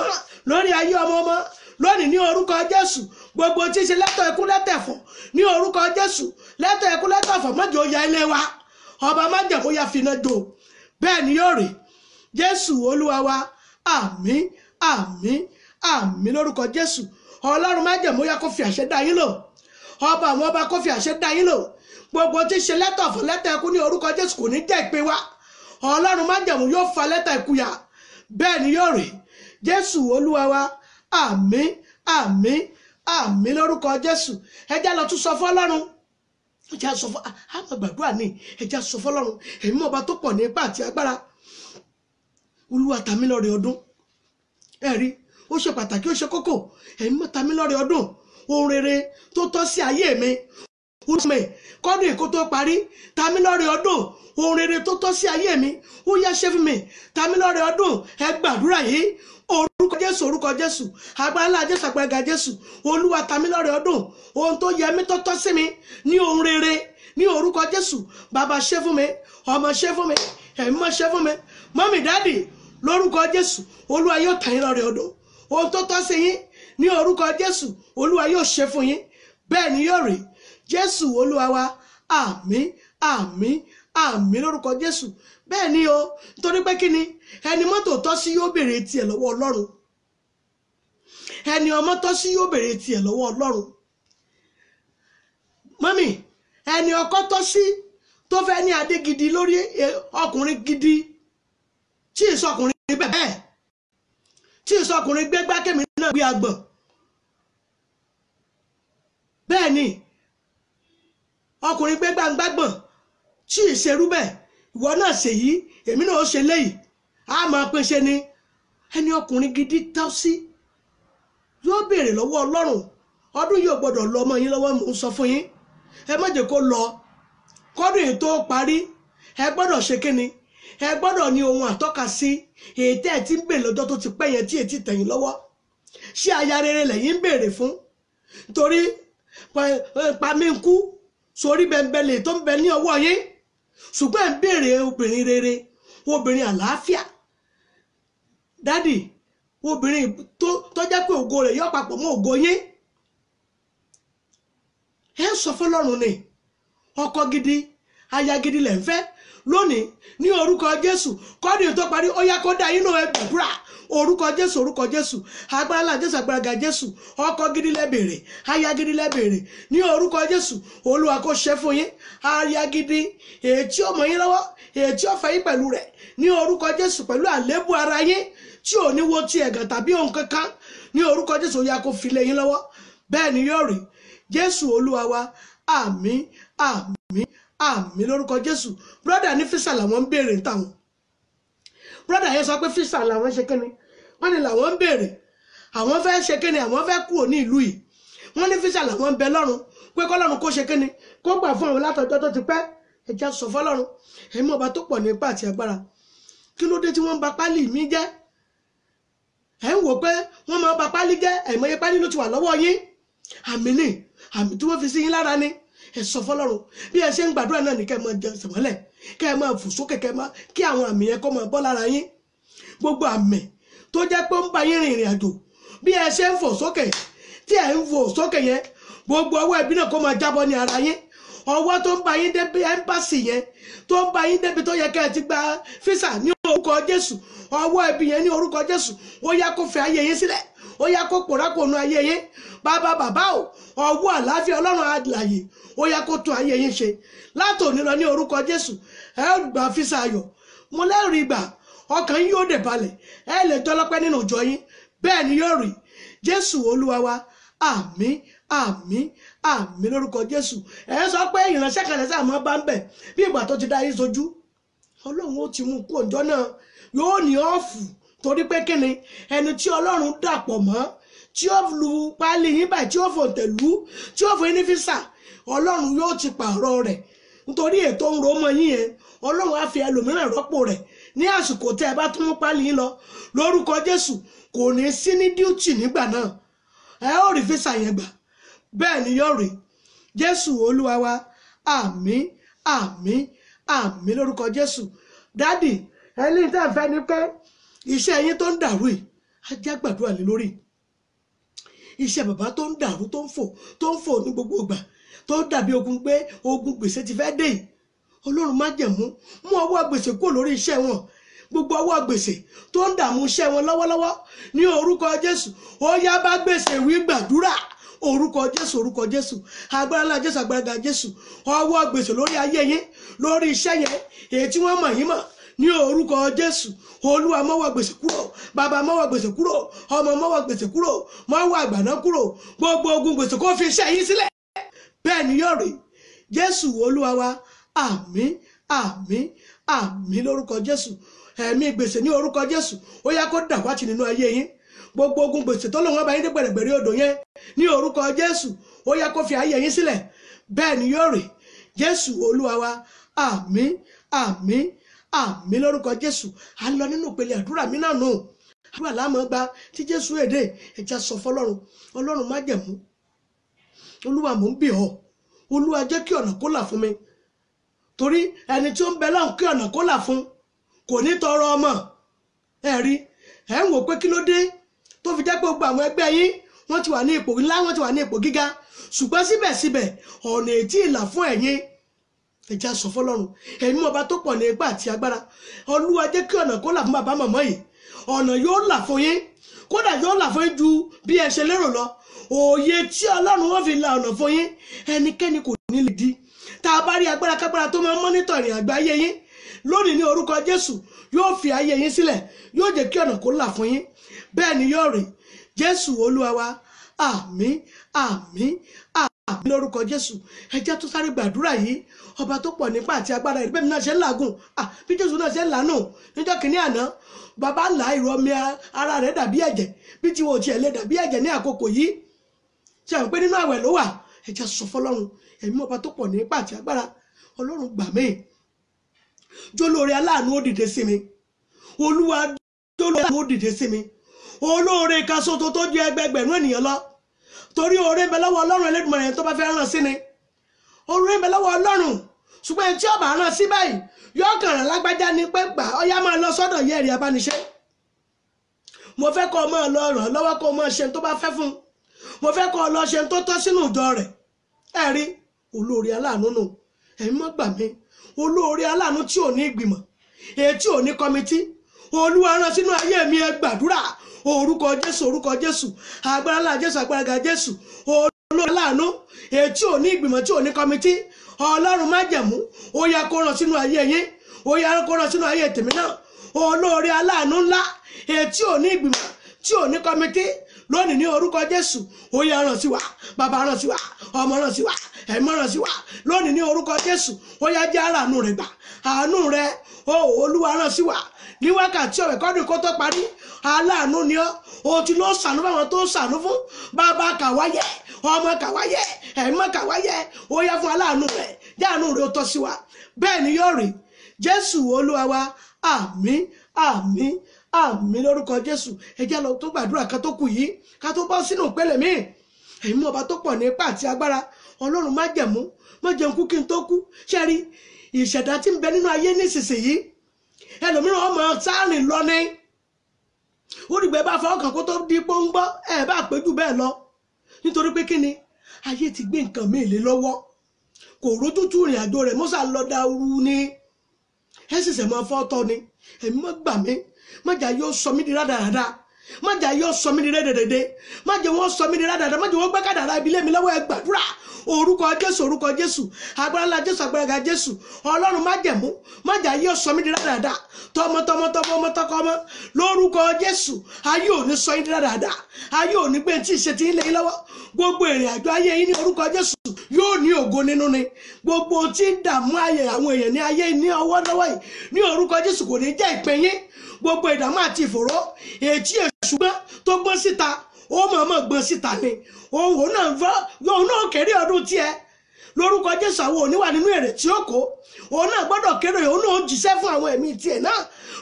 lórí ayé ọmọ ọmọ lónìí ní orúkọ jésù gbogbo tí ṣe lẹ́tọ̀ ikú lẹ́tẹ̀fọ̀ ní orúkọ jésù lẹ́tọ̀ ikú lẹ́tọ̀fọ̀ mọ́jọ ya ilé wa ọba májẹ̀mú ya fi iná jò bẹ́ẹ̀ ni yóò rí jésù olúwa wa àmín àmín àmín lórúkọ jésù ọlọ́run májẹ̀mú ya kó fi àṣẹ dá yín lò ọba àwọn ọba kó fi àṣẹ dá yín lò gbogbo tí ṣe lẹ́tọ̀ fún lẹ́tọ̀ ẹkụ ní orúkọ jésù kò ní jẹ́ ìpín wá ọlọ́run májẹ̀mú yóò fa lẹ́tọ̀ ẹkụ yá bẹ́ẹ̀ ni yóò rí jésù olúwa wa àmì àmì àmì lórúkọ jésù ẹjẹ́ lọ tún sọ fún ọlọ́run ẹjẹ́ sọ fún àmọ́ gbàdúrà ọba tó pọ̀ ní ipá àti agbára olúwa tàmí lọ́rẹ̀ ọdún ẹ̀rí ó ṣe pàtàkì ó ṣe kókò ẹ̀mí lọ́rẹ̀ mi usme kọ́dún èkó tó parí tamilọ́rẹ̀ ọdún ohun rere tó tọ́ sí ayé mi ó yá ṣe fún mi tamilọ́rẹ̀ ọdún ẹ gbàdúrà yìí orúkọ jésù orúkọ jésù agbára jésù àgbàga jésù olúwa tamilọ́rẹ̀ ọdún ohun tó yẹ mí tó tọ́ sí mi ní ohun rere ní orúkọ jésù bàbá ṣe fún mi ọmọ ṣe fún mi ẹ̀mí mọ́ ṣe fún mi mọ́mì dáàdì lórúkọ jésù olúwa yóò tàn lọ́rẹ̀ ọdún ohun tó tọ́ sí yín ní orúkọ jésù olúwa yóò ṣe fún yín bẹ́ẹ̀ ni yóò rí jésù olúwa wa àmín àmín àmín lórúkọ jésù bẹ́ẹ̀ ni o nítorí pé kí ni ẹni mọ́tò tọ́ sí yóò béèrè tiẹ̀ lọ́wọ́ ọlọ́run ẹni ọmọ tọ́ sí yóò béèrè tiẹ̀ lọ́wọ́ ọlọ́run mọ́mì ẹni ọkọ tọ́ sí tó fẹ́ ní adé gidi lórí eh, ọkùnrin gidi tí ìsọkùnrin bẹ́ẹ̀ tí ìsọkùnrin gbégbá kémi náà gbé agbọ̀n bẹ́ẹ̀ ni. ọkùnrin gbé gbàǹgbàgbọ̀n tí ì ṣerú bẹ́ẹ̀ ìwọ náà ṣèyí èmi náà ṣe léyìí a máa pín ṣe ni ẹni ọkùnrin gidi tọ́ sí yóò béèrè lọ́wọ́ ọlọ́run ọdún yóò gbọ́dọ̀ lọ ọmọ yín lọ́wọ́ mò ń sọ fún yín ẹ má jẹ́ kó lọ kọ́dún yìí tó parí ẹ gbọ́dọ̀ ṣe kí ni ẹ gbọ́dọ̀ ní ohun àtọ́ka sí èyí tẹ́ ẹ ti ń bè lọ́jọ́ tó ti pẹ́ yẹn tí èyí ti tẹ̀yìn lọ́wọ́ ṣé aya rere lẹ́yìn ń béèrè fún torí pàmí eh, ń kú sórí bẹ́ńbẹ́lì tó ń bẹ ní ọwọ́ yín ṣùgbọ́n ẹ̀ ń béèrè obìnrin rere obìnrin àlàáfíà dádì obìnrin tó jẹ́ pé ògo rẹ̀ yọ papọ̀ mọ́ ògo yín e ẹ ń sọ fọlọ́run ni ọkọ gidi aya gidi lẹ̀ ń fẹ́ lónìí ní orúkọ Jésù kọ́ni tó parí ó yá kó dá yín náà e ẹ gbàdúrà. orúkọ jésù orúkọ jésù agbára jésù agbára jésù ọkọ gidi lẹ́bẹ̀rẹ̀ aya gidi lẹ́bẹ̀rẹ̀ ní orúkọ jésù olúwa kò ṣe fún yín aya gidi èyí tí ó mọ̀ yín lọ́wọ́ èyí tí ó fẹ́ yín pẹ̀lú rẹ̀ ní orúkọ jésù pẹ̀lú àléébù ara yín tí ò ní wo ti ẹ̀gàn tàbí ohun kankan ní orúkọ jésù ya kó fi lé yín lọ́wọ́ bẹ́ẹ̀ ni yóò rí jésù olúwa wa àmín àmín àmín lórúkọ jésù brọ́dà ní físà làwọn ń béèrè ń tàwọn brọ́dà yẹn sọ pé físà làwọn ṣe kíni wọ́n ní làwọn ń béèrè àwọn fẹ́ ṣe kíni àwọn fẹ́ kúrò ní ìlú yìí wọ́n ní físà làwọn ń bẹ lọ́run pé kọ́lọ́run kó ṣe kíni kó gbà fún àwọn látọjọ́ tó ti pẹ́ ẹja sọ fọ́lọ́run ẹ̀mí ọba tó pọ̀ ní ipá àti agbára kí ló dé tí wọ́n ń ba pálí mi jẹ́ ẹ̀ ń wò pé wọ́n máa ba pálí jẹ́ ẹ̀mọye pálí ló ti wà lọ́wọ́ yín àmì ni àmì tí wọ́n fi sí yín lára ni ẹ sọ fọ́lọ́run bí ẹ ṣe ń gbàdúrà náà nìkẹ́ mọ́ jẹ́ sọ̀mọ́lẹ̀ kẹ́ ẹ máa fò sókè kẹ́ ẹ máa kí àwọn àmì yẹn kó máa bọ́ lára yín gbogbo àmì tó jẹ́ pé ó ń bá yín rìn ìrìn àjò bí ẹ ṣe ń fò sókè tí ẹ ń fò sókè yẹn gbogbo ọwọ́ ẹbí náà kó máa jábọ́ ní ara yín ọwọ́ tó ń bá yín débi ẹ́mbàsì yẹn tó ń bá yín débi tó yẹ kẹ́ ẹ ti gba físà ní orúkọ Jésù ọwọ́ ẹbí yẹn ní orúkọ Jésù ó yá kó fẹ́ ayé yín sílẹ̀ ó yá kó pòrákò nu ayé yín bàbá bàbá o ọwọ́ àlàáfíà ọlọ́run àlàyé ó yá kó tún ayé yín ṣe látòní lọ ní orúkọ jésù ẹ ó gbà físà ayọ̀ mo lẹ́rìí gbà ọkàn yín yóò dẹ̀ balẹ̀ ẹ lè tọ́lọ́pẹ́ nínú ìjọ yín bẹ́ẹ̀ ni yóò rí jésù olúwa wa àmín àmín àmín lórúkọ jésù ẹ sọ pé ìránṣẹ́ kan àmọ́ bá ń bẹ̀ bí ìgbà tó ti dá yín sojú ọlọ́run ó ti mú kú ọjọ́ náà yóò ní ọ̀fù torí pé kíni ẹni tí ọlọ́run dàpọ̀ mọ́ tí ó lu páálí yín báyìí tí ó fòǹtẹ̀ lù ú tí ó fún yín ní físà ọlọ́run yóò ti pààrọ̀ rẹ̀ nítorí ètò ń ro ọmọ yín yẹn ọlọ́run á fi ẹlòmíràn rọ́pò rẹ̀ ní àsìkò tẹ́ ẹ bá tún mú páálí yín lọ lórúkọ jésù kò ní sí ní díútì nígbà náà ẹ ó rí físà yẹn gbà bẹ́ẹ̀ ni yóò rí jésù olúwa wa àmín àmín àmín lórúkọ jésù dádì ẹni tẹ́ fẹ́ ni pé iṣẹ́ yín tó ń dàrú yìí á jẹ́ gbàdúrà lé lórí iṣẹ́ bàbá tó ń dàrú tó ń fò tó ń fò ní gbogbo ìgbà tó dàbí ogun pé ogun gbèsè ti fẹ́ dé yìí ọlọ́run má jẹ̀mú mú ọwọ́ gbèsè kúrò lórí iṣẹ́ wọn gbogbo ọwọ́ gbèsè tó ń dààmú iṣẹ́ wọn lọ́wọ́lọ́wọ́ ní orúkọ jésù ó yá bá gbèsè wí gbàdúrà orúkọ jésù orúkọ jésù agbára ńlá jésù agbára ga jésù ọwọ́ gbèsè lórí ayé yín lórí iṣẹ́ yẹn èyí tí wọ́n mọ̀ yín mọ̀ ní orúkọ jésù olúwa má wá gbèsè kúrò bàbá má wá gbèsè kúrò ọmọ má wá gbèsè kúrò má wá àgbàná kúrò gbogbo ogun gbèsè kó fi iṣẹ́ yín sílẹ̀ bẹ́ẹ̀ ni yóò rí jésù olúwa wa àmín àmín àmín lórúkọ jésù ẹ̀mí gbèsè ní orúkọ jésù ó yá kó dàwátì nínú ayé yín gbogbo ogun gbèsè tó lòun ọba yín dé gbẹ̀rẹ̀gbẹ̀rẹ̀ odò yẹn ní orúkọ jésù ó yá kó fi ayé yín sílẹ̀ bẹ́ẹ̀ ni yóò rí jésù olúwa wa àmín àmín àmì lórúkọ jésù a ń lọ nínú ìpele àdúrà mi náà nù àdúrà láàmú gba tí jésù èdè ẹja sọ fọ́lọ́run ọlọ́run má jẹ̀mú olúwa mò ń bì ọ́ olúwa jẹ́ kí ọ̀nà kó là fún mi torí ẹni tí ó ń bẹ láhùn kí ọ̀nà kó là fún kò ní tọrọ ọmọ ẹ rí ẹ ń wò pé kí ló dé tó fi jẹ́ pé gbogbo àwọn ẹgbẹ́ yín wọ́n ti wà ní ipò ńlá wọ́n ti wà ní ipò gíga ṣùgbọ́n síbẹ̀síbẹ̀ ọ̀nà ètí ìlà fún ẹ̀yin ẹja sọ fọlọ́run ẹ̀mí ọba tó pọ̀ ní ipá àti agbára olúwa jẹ́ kí ọ̀nà kó là fún bàbá màmá yìí ọ̀nà yóò là fún yín kódà yóò là fún yín ju bí ẹ ṣe lérò lọ òye tí ọlọ́run wọ́n fi la ọ̀nà fún yín ẹnikẹ́ni kò ní lè di tá a bá rí agbára kágbára tó máa ń mọ́nítọ̀ ìrìn àgbáyé yín lónìí ní orúkọ jésù yóò fi ayé yín sílẹ̀ yóò jẹ́ kí ọ̀nà kó là fún yín bẹ́ẹ̀ ni yóò rí jésù olúwa wa àmín àmín àbí lórúkọ jésù ẹjẹ́ tó sáré gbàdúrà yìí ọba tó pọ̀ nípa àti agbára ìlú bẹ́ẹ̀ náà ṣe ń làágùn bí jésù náà ṣe ń làánù níjọ́ kìíní àná bàbá ńlá ìrọ̀mí ara rẹ̀ dàbí ẹ̀jẹ̀ bí tiwọn ò tiẹ̀ lè dàbí ẹ̀jẹ̀ ní àkókò yìí ṣe àwọn pé nínú àwẹ̀ ló wà ẹjẹ́ sọ fọlọ́run ẹ̀mí ọba tó pọ̀ nípa àti agbára ọlọ́run gbà mí jólóore aláàánú ó dìde sí mi olúwa jólóore aláàánú ó dìde sí mi olóore kan ṣoṣo tó ju ẹgbẹgbẹ̀rún ènìyàn lọ torí oore ń bẹ lọ́wọ́ ọlọ́run ẹlẹ́dùnmọ̀ ẹ̀yẹn tó bá fẹ́ ràn sí ni oore ń bẹ lọ́wọ́ ọlọ́run ṣùgbọ́n ẹni tí ọba ràn sí báyìí yóò kàn rán lágbájá ní pé gbà ọyá máa lọ sọ́dọ̀ yẹ́ ẹ̀rí abániṣe mo fẹ́ kọ́ ọ máa lọ ràn lọ́wọ́ kó o máa ṣe tó bá fẹ́ fún un mo fẹ́ kọ́ ọ lọ ṣe tó tọ́ sínú ìjọ rẹ̀ ẹ rí olórí aláàánú nù ẹ̀mí mọ́ gbà mí olórí aláàánú tí ò ní ìgbìmọ̀ èyí tí ò ní kọmití olúwa rán sínú ayé mi ẹ gbàdúrà orúkọ jésù orúkọ jésù agbára ńlá jésù agbára ga jésù olórí láàánú ètí ò ní ìgbìmọ̀ tí ò ní kọmití ọlọ́run májẹ̀mú ó yá kó ràn sínú ayé yín ó yá kó ràn sínú ayé tèmi náà olórí aláàánú ńlá ètí ò ní ìgbìmọ̀ tí ò ní kọmití lónìí ní orúkọ jésù ó yá ràn sí wa bàbá ràn sí wa ọmọ ràn sí wa ẹ̀mọ́ ràn sí wa lónìí ní orúkọ jésù ó yá jẹ́ àràánú gbà àánú rẹ̀ ó olúwa ràn sí wa ní wákàtí ọ̀rẹ́kọ́dún kó tó parí aláàánú ni ọ́ o ti lọ sànú fáwọn tó sànú fún bàbá kàwáyé ọmọ kàwáyé ẹ̀mọ́ kàwáyé ó yá fún aláàánú rẹ̀ jáàánú rẹ̀ ó tọ́ sí wa bẹ́ẹ̀ ni yóò rí jésù olúwa wa àmín àmín àmín lórúkọ jésù ẹ jẹ́ lọ tó gbàdúrà ká tó kù yìí ká tó bọ́ sínú ìpele míì ẹ̀yin mọ̀ ọba tó pọ̀ ní ipá àti agbára ọlọ́run má jẹ̀mú má jẹun kú kí n tó kú ṣe rí ìṣẹ̀dá tí ń bẹ nínú ayé nísinsìnyí ẹlòmíràn ọmọ sáà rìn lọ ní ó dìgbà ẹ bá fọwọ́ kàn kó tó di pọ́ngbọ́ ẹ bá pé jù bẹ́ẹ̀ lọ nítorí pé kíni ayé ti gbé nǹkan míì lé lọ́wọ́ kò rójútù ìrìn àjò rẹ̀ mọ́sà lọ dàrú ni ẹ sì sẹ̀ mọ́ fọ́tọ́ ni ẹ̀mí mọ́ gbà mí mọ́jà yóò sọ mí di rádaràda má jẹ́ ayé sọ mí ní rédèdèdè má jẹ́ wọ́n sọ mí ní rádàdà má jẹ́ wọ́n gbé kádàrá ibilé mi lọ́wọ́ ẹ gbàdúrà orúkọ jésù orúkọ jésù agbára ńlá jésù agbára ga jésù ọlọ́run má jẹ̀mú má jẹ́ ayé sọ mí ní rádàdà tọmọtọmọ tọmọ tọkọmọ lórúkọ jésù ayé ò ní sọ yín ní rádàdà ayé ò ní gbé tí ì ṣe ti ń lé yín lọ́wọ́ gbogbo èrè àjọ ayé yín ní orúkọ jésù yóò ní ògo nínú ni gbogbo tí ń dààmú ayé àwọn èèyàn ní ayé ní ọwọ́ lọ́wọ́ yìí ní orúkọ jésù kò ní jẹ́ ìpín yín gbogbo ìdààmú àti ìfòró èjì èṣùgbọ́n tó gbọ́n síta ó mọ̀ọ́mọ̀ gbọ́n síta ni òun náà fọ́ yóò náà kéré ọdún tiẹ̀ lórúkọ jésù àwọn oníwà nínú èrè tí ó kó òun náà gbọ́dọ̀ kéré òun náà jíṣẹ́ fún àwọn ẹ̀mí tiẹ̀ náà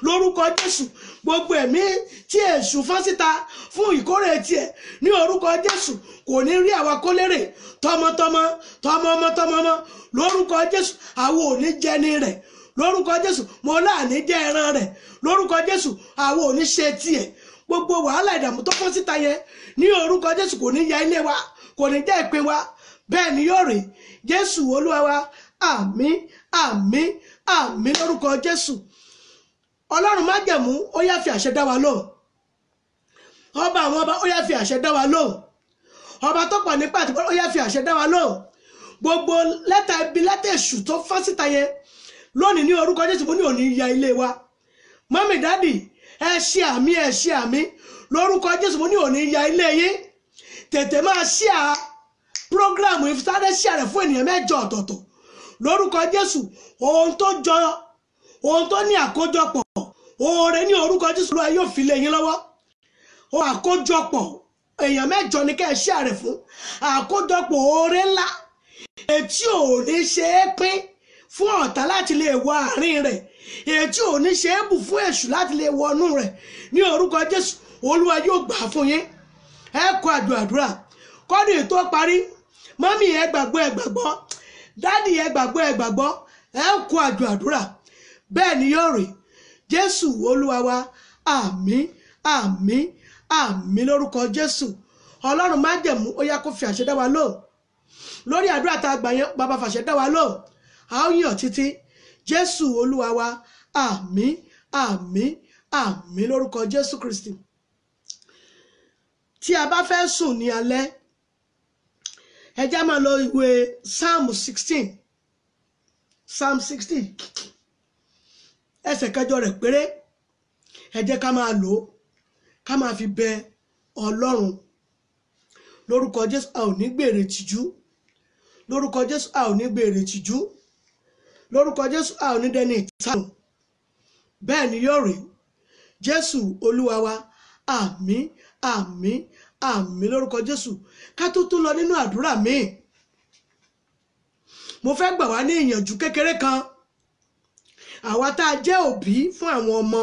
lórúkọ jésù gbogbo ẹ̀mí tí èṣù fọ́n síta fún ìkórè tiẹ̀ ní orúkọ jésù kò ní rí àwa kó lérè tọmọtọmọ tọmọmọtọmọmọ lórúkọ jésù àwọn òní jẹni rẹ̀ lórúkọ jésù mo láàní jẹ́ ẹran rẹ̀ lórúkọ jésù àwọn ò ní ṣe tiẹ̀ gbogbo wàhálà ìdààmú tó fọ́n síta yẹn ní orúkọ jésù kò ní ya ilé wa kò ní jẹ́ ìpín wa bẹ́ẹ̀ ni yóò rí jésù olúwa wa àmín àmín àmín lórúkọ jésù ọlọ́run má jẹ̀mú ó yá fi àṣẹ dá wa lóhùn ọba àwọn ọba ó yá fi àṣẹ dá wa lóhùn ọba tó pọ̀ nípa àtìpọ́ ó yá fi àṣẹ dá wa lóhùn gbogbo lẹ́tà ibi lẹ́tà èṣù tó fọ́n síta yẹn lónìí ní orúkọ jésù mo ní òní ya ilé wa mọ́mì dádì ẹ ṣe àmì ẹ ṣe àmì lórúkọ jésù mo ní òní ya ilé yín tètè máa ṣí à prógrámù ìfisáré ṣí àrẹ fún ènìyàn mẹ́jọ ọ̀tọ̀ọ̀tọ̀ lórúkọ jésù ohun tó jọ ohun tó ní àkójọpọ̀ oore ní orúkọ jésù lóra yóò fi lé yín lọ́wọ́ ohun àkójọpọ̀ èèyàn mẹ́jọ ní ká ẹ ṣí àrẹ fún àkójọpọ̀ oore ńlá ètí ò ní ṣe é pín fún ọ̀tá láti lè wọ àárín rẹ̀ èyí tí ò ní ṣe é bù fún èṣù láti lè wọnú rẹ̀ ní orúkọ jésù olúwa yóò gbà fún yín ẹ kọ àjò àdúrà kọ́dún ètò parí mọ́mí ẹ gbàgbọ́ ẹ gbàgbọ́ dádì ẹ gbàgbọ́ ẹ gbàgbọ́ ẹ kọ àjò àdúrà bẹ́ẹ̀ ni yóò rí jésù olúwa wa àmín àmín àmín lórúkọ jésù ọlọ́run májẹ̀mú ó yá kó fi àṣẹ dá wa lóhùn lórí àdúrà tá a gbà yẹn bàbá fàṣẹ dá wa lóhùn a ó yàn títí jésù olúwa wa àmín àmín àmín lórúkọ jésù kristi tí a bá fẹ́ sùn ní alẹ́ ẹ já máa lọ ìwé psalm sixteen psalm sixteen ẹsẹ̀ kẹjọ rẹ̀ péré ẹ jẹ́ ká máa lò ó ká máa fi bẹ ọlọ́run lórúkọ jésù a ò ní gbèrè tìjú lórúkọ jésù a ò ní gbèrè tìjú lórúkọ jésù a ò ní dẹni ìtàkùn bẹ́ẹ̀ ni yóò rí jésù olúwa wa àmín àmín àmín lórúkọ jésù ká tó tún lọ nínú àdúrà mi mo fẹ́ gbà wá ní ìyànjú kékeré kan àwa tá a jẹ́ òbí fún àwọn ọmọ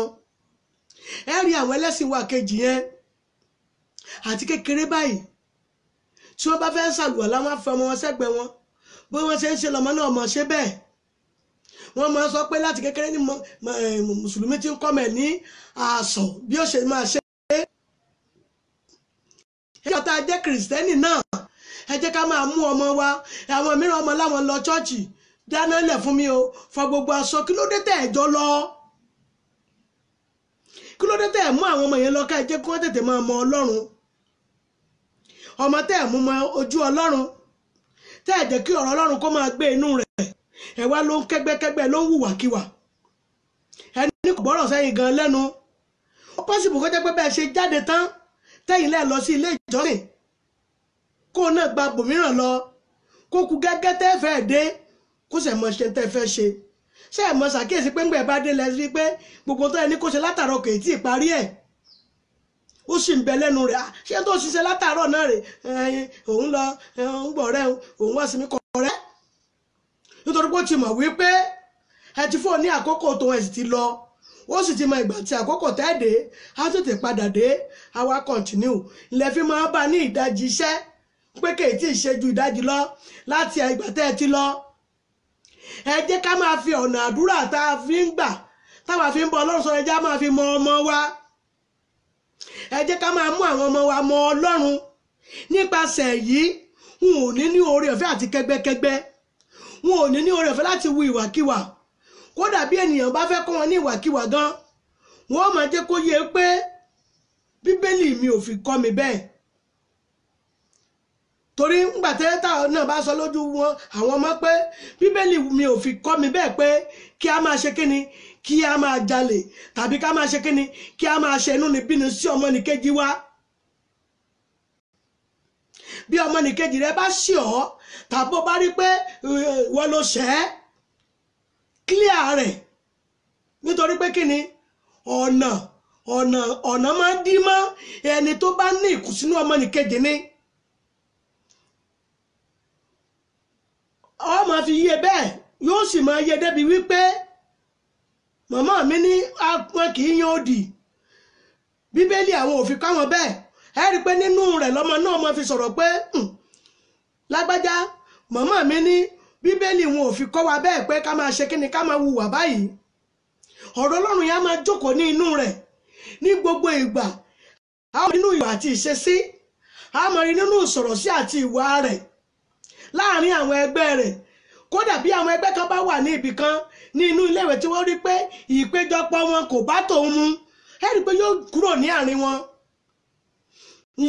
ẹ rí àwọn ẹlẹ́sìn wa kejì yẹn àti kékeré báyìí tí wọ́n bá fẹ́ ṣàlùwà láwọn afẹ́ ọmọ wọn sẹ́gbẹ̀ẹ́ wọn bí wọ́n ṣe ń ṣe lọ́mọ náà mọ̀ ṣe bẹ́ẹ̀ wọ́n máa sọ pé láti kékeré ní eh, mùsùlùmí ti ń kọ́mẹ̀ ní àsọ̀ bí ó ṣe máa ṣe é. ẹjọ́ tá a jẹ́ kìrìsìtẹ́nì náà ẹ jẹ́ ká máa mú ọmọ wa àwọn mìíràn ọmọ láwọn lọ chọ́ọ̀chì dáná lẹ̀ fún mi o fọ gbogbo aṣọ kí ló dé tẹ̀ ẹ̀jọ́ lọ kí ló dé tẹ̀ mú àwọn ọmọ yẹn lọ ká ẹ jẹ́ kí wọ́n tètè máa mọ ọlọ́run ọmọ tẹ́ ẹ̀ mú mọ ojú ọlọ́run tẹ́ ẹ̀ jẹ́ kí ọ̀rọ̀ ọlọ́run kó máa gbé inú rẹ̀ ẹ wá ló ń kẹ́gbẹ́kẹ́gbẹ́ ló ń hùwàkiwà ẹni kò gbọ́rọ̀ sẹ́yìn gan lẹ́nu ó pọ́sibù kó jẹ́ pé bẹ́ẹ̀ ṣe jáde tán tẹ́yìn lẹ́ẹ̀ lọ sí ilé ìjọsìn kó náà gba bòmíràn lọ kó ku gẹ́gẹ́ tẹ́ fẹ́ dé kó sẹ̀ mọ ṣe tẹ́ fẹ́ ṣe ṣe é mọ ṣàkíyèsí pé ńgbẹ́ bá dé lẹ́sí pé gbogbo tó ẹni kó ṣe látàrọ kò tí ì parí ẹ̀ ó sì ń bẹ lẹ́nu rẹ̀ ṣé tó ṣiṣẹ́ látàrọ náà rè òun lọ òun gbọ̀rẹ́ òun wá sí mi kọ̀ rẹ́ nítorí pé ó ti mọ̀ wípé ẹ ti fún ọ ní àkókò tó ẹ sì ti lọ ó sì ti mọ ìgbà tí àkókò tẹ́ẹ̀dé á tètè padà dé á wá kọ̀ǹtínú ilẹ̀ fi máa bá ní ìdajì iṣẹ́ pé kèé tí ì ṣe ju ìdajì lọ láti ìgbà tẹ́ ẹ ti lọ ẹ jẹ́ ká máa fi ọ̀nà àdúrà tá a fi ń gbà táwa fi ń bọ ọlọ́run sọ ẹ jẹ́ ká máa fi mọ ọmọ wa ẹ jẹ́ ká máa mú àwọn ọmọ wa mọ ọlọ́run nípasẹ̀ yìí n ò ní ní oore ọ̀fẹ́ àti kẹgbẹ́kẹgbẹ́ wọn ò ní ní oore ọ̀fẹ́ láti wu ìwàkiwà kódà bí ènìyàn bá fẹ́ kọ́ wọn ní ìwàkiwà gan wọn máa jẹ́ kó yé pé bíbélì mi ò fi kọ́ mi bẹ́ẹ̀ torí ńgbà tẹ́lẹ́tà náà bá sọ lójú wọn àwọn ọmọ pé bíbélì mi ò fi kọ́ mi bẹ́ẹ̀ pé kí a máa ṣe kíni kí a máa jalè tàbí ká máa ṣe kíni kí a máa ṣe inúnibíni sí ọmọnìkejì wa bí ọmọnìkejì rẹ bá ṣì ọ́ tàbí ó bá rí pé wọ́n ló ṣẹ́ ẹ́ clear rẹ̀ nítorí pé kí ni ọ̀nà ọ̀nà ọ̀nà máa ń dí mọ́ ẹni tó bá ní ìkùsínú ọmọnìkejì ni ọ máa fi yé bẹ́ẹ̀ yóò sì máa yé débi wípé màmá mi ní wọn kì í yan òdì bíbélì àwọn òfin káwọn bẹ́ẹ̀ ẹ rí i pé nínú rẹ̀ lọ́mọ náà mo fi sọ̀rọ̀ pé hmm, lágbájá màmá mi ní bíbélì wọn ò fi kọ́ wa bẹ́ẹ̀ pé ká máa ṣe kíni ká máa hùwà báyìí ọ̀rọ̀ ọlọ́run yẹn á máa jókòó ní inú rẹ̀ ní gbogbo ìgbà a mọ̀ nínú ìwà àti ìṣesí a mọ̀ rí nínú sí àti ìwà rẹ̀ láàárín àwọn ẹgbẹ́ rẹ̀ kódà bí àwọn ẹgbẹ́ kan bá wà ní ibì kan ní inú iléèwé tí wọ́n rí pé ìpéjọpọ̀ wọn kò bá tòun mu ẹ rí i pé yóò kúrò ní àárín wọn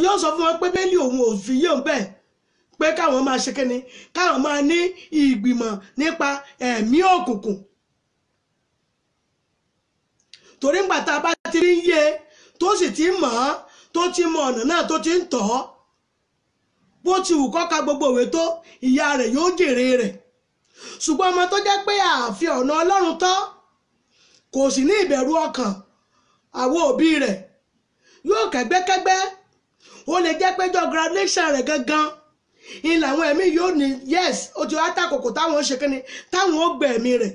yóò sọ fún wọn pé bẹ́ẹ̀lì òun ò fi yóò bẹ́ẹ̀ pé káwọn máa ṣe kíni káwọn máa ní ìgbìmọ̀ nípa ẹ̀mí òkùnkùn torí ń gbàtà bá ti rí yé tó sì ti mọ̀ ọ́ tó ti mọ ọ̀nà náà tó ti ń tọ̀ ọ́ bó ti wù kọ́ka gbogbo òwe tó ìyá rẹ̀ yóò jèrè rẹ̀ ṣùgbọ́n ọmọ tó jẹ́ pé àfi ọ̀nà ọlọ́run tán kò sì ní ìbẹ̀rù ọkàn àwọn òbí rẹ̀ yóò kẹ́gbẹ́kẹ́gbẹ́ ó lè jẹ́ pé graduation rẹ̀ gangan ni làwọn ẹ̀mí yóò ní yes ó ti wá tàkòkò táwọn ó ṣe kínní táwọn ó gbẹ̀ ẹ̀mí rẹ̀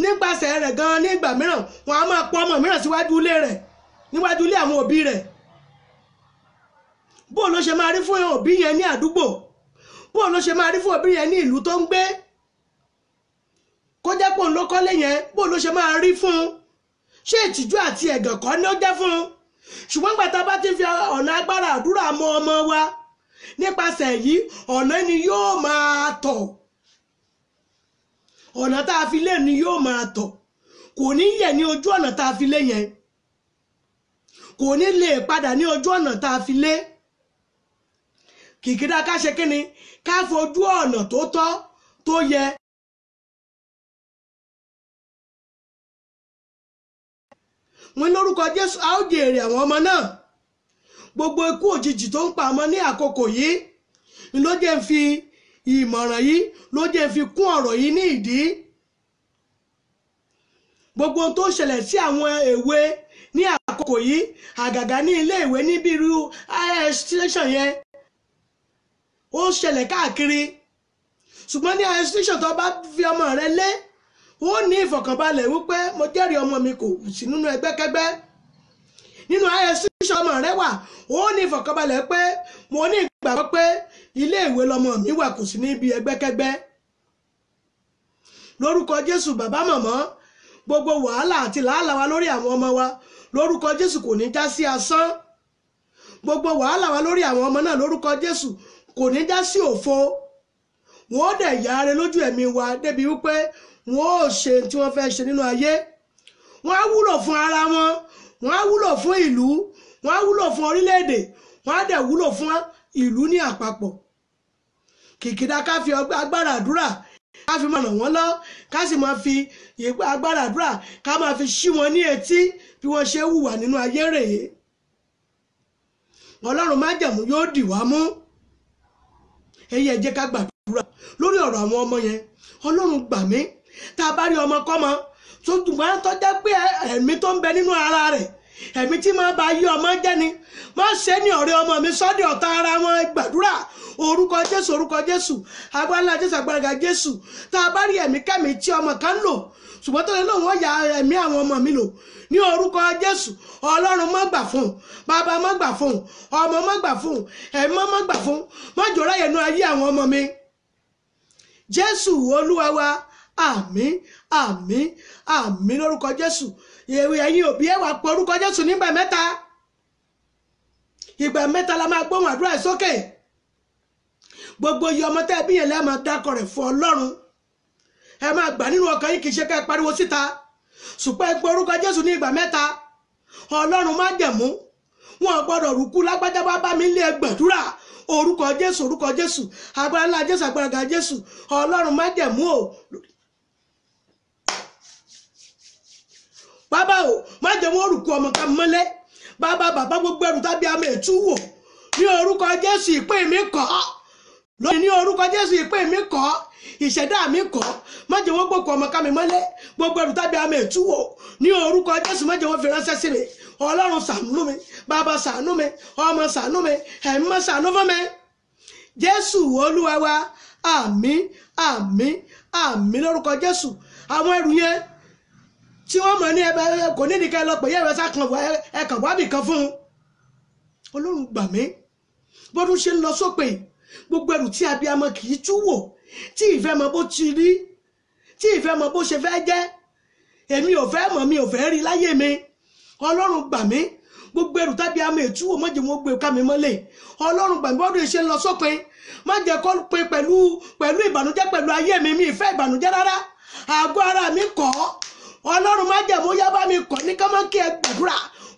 nípasẹ̀ rẹ̀ gan ní ìgbà mìíràn wọn a máa pọ́ ọmọ mìíràn síwájú ilé rẹ̀ níwájú ilé àwọn òbí rẹ̀ bó ló ṣe máa rí fún òbí yẹn ní àdúgbò bó ló ṣe máa rí fún òbí yẹn ní ìlú tó ń gbé kó jẹ́ pé ló kọ́lé yẹn bó ló ṣe máa rí fún ṣé ìtìjú àti ẹ̀gàn kọ́ ni ó jẹ́ fún un ṣùgbọ́n gbàtà bá ti fi ọ̀nà agbára àdúrà mọ ọmọ wa nípasẹ̀ yìí ọ̀nà ni yóò máa tọ̀ ọ̀nà tá a fi lé ni yóò máa tọ̀ kò ní yẹ̀ ní ojú ọ̀nà tá a fi lé yẹn kò ní lè padà ní ojú ọ̀nà tá a fi lé kìkìdá ká ṣe kínni ká fojú ọ̀nà tó tọ́ tó yẹ mo lórúkọ jésù a ó jèrè àwọn ọmọ náà gbogbo ikú òjijì tó ń pa ọmọ ní àkókò yìí ló jẹ́ ń fi ìmọ̀ràn yìí ló jẹ́ ń fi kún ọ̀rọ̀ yìí ní ìdí gbogbo ohun tó ṣẹlẹ̀ sí àwọn èwe ní àkókò yìí àgàgà ní ilé ìwé níbi irú is station yẹn ó ṣẹlẹ̀ káàkiri ṣùgbọ́n ní is station tó bá fi ọmọ rẹ lé ó ní ìfọ̀kànbalẹ̀ wípé mo jẹ́rìí ọmọ mi kò sí nínú ẹgbẹ́kẹ́gbẹ́ nínú isc ọmọ rẹ wà ó ní ìfọ̀kànbalẹ̀ pé mo ní ìgbàgbọ́ pé ilé ìwé lọmọ mi wà kò sí níbi ẹgbẹ́kẹ́gbẹ́ lórúkọ jésù bàbá gbogbo wàhálà àti wa lórí àwọn ọmọ wa lórúkọ jésù kò ní já sí asán gbogbo wàhálà wa lórí àwọn ọmọ náà lórúkọ jésù kò ní já sí òfo wọn ó dẹ̀ wa débi wípé wọn ò ṣe tí wọ́n fẹ́ ṣe nínú ayé wọ́n á wúlò fún ara wọn wọ́n á wúlò fún ìlú wọ́n á wúlò fún orílẹ̀-èdè wọ́n á dẹ̀ wúlò fún ìlú ní àpapọ̀ kìkìdá ká fi agbára àdúrà ká fi máa ràn wọ́n lọ ká sì máa fi agbára àdúrà ká máa fi ṣí wọn ní etí bí wọ́n ṣe hùwà nínú ayé rèé ọlọ́run májẹ̀mú yóò dì wá mú èyí ẹ ká gbàdúrà lórí ọ̀rọ̀ àwọn ọmọ yẹn ọlọ́run gbà mí tá a bá rí ọmọ kọ́mọ tó dùnmọ́ tó jẹ́ pé ẹ̀mí tó ń bẹ nínú ara rẹ̀ ẹ̀mí tí máa bá yí ọmọ jẹ́ ni má ṣe ní ọ̀rẹ́ ọmọ mi sọ́dí ọ̀tá ara wọn gbàdúrà orúkọ jésù orúkọ jésù agbára jésù agbára jésù tá a bá rí ẹ̀mí kẹ́mi tí ọmọ kan ń lò ṣùgbọ́n tó lè lò wọ́n ya ẹ̀mí àwọn ọmọ mi lò ní orúkọ jésù ọlọ́run má gbà fún un bàbá má gbà fún un ọmọ má gbà fún un ẹ̀mí má gbà fún un má jòrá yẹnu ayé àwọn ọmọ mi jésù olúwa wa àmín àmín àmín lórúkọ jésù èwe ẹ̀yin òbí ẹ wá pọ̀ orúkọ jésù nígbà mẹ́ta ìgbà mẹ́ta la máa gbóhùn àdúrà sókè gbogbo iye ọmọ tẹ́ ẹ bí yẹn lẹ́ẹ̀ máa dákọ̀ rẹ̀ fún ọlọ́run ẹ máa gbà nínú ọkàn yín kì í ṣe ká ẹ pariwo síta ṣùgbọ́n ẹ pọ̀ orúkọ jésù ní ìgbà mẹ́ta ọlọ́run má jẹ̀mú wọn gbọ́dọ̀ rúkú lágbájá bá bá mi lé ẹgbẹ̀dúrà orúkọ jésù orúkọ jésù agbára ńlá jésù agbára ga jésù ọlọ́run má jẹ̀mú o bàbá o má jẹ́ wọn rùkú ọmọ ká mọ́lẹ̀ bàbá bàbá gbogbo ẹrù tábí àmọ́ ètú wò ní orúkọ Jésù ìpè mi kọ́ lónìí ní orúkọ Jésù ìpè mi kọ́ ìṣẹ̀dá mi kọ́ má jẹ́ wọn gbòkú ọmọ ká mi mọ́lẹ̀ gbogbo ẹrù tábí àmọ́ ètú wò ní orúkọ Jésù má jẹ́ wọn fi ránṣẹ́ sí mi ọlọ́run ṣàánú mi bàbá ṣàánú mi ọmọ ṣàánú mi ẹ̀mí mọ́ ṣàánú fún mi Jésù olúwa wa àmín àmín àmín lórúkọ Jésù àwọn ẹrù yẹn tí wọ́n mọ̀ ní ẹbẹ̀ kò ní nìkan ẹ lọ pè yẹ́ ẹ sá kan ẹ kàn wá bìkan fún un ọlọ́run gbà mí bọ́dún ṣe ń lọ sópè gbogbo ẹrù tí abiyamọ kì í tú wò tí ìfẹ́ mọ bó ti rí tí ìfẹ́ mọ bó ṣe fẹ́ jẹ́ èmi ò fẹ́ mọ̀ mi ò fẹ́ rí láyé mi ọlọ́run gbà mí gbogbo ẹrù tábí àmọ ìtúwò mọ̀jẹ̀ wọn gbé ká mi mọ́lẹ̀ ọlọ́run gbàgbé ọdún ìṣe lọ sópin má jẹ́ kó pe pẹ̀lú pẹ̀lú ìbànújẹ́ pẹ̀lú ayé mi mi ìfẹ́ ìbànújẹ́ rárá àgọ́ ara mi kọ́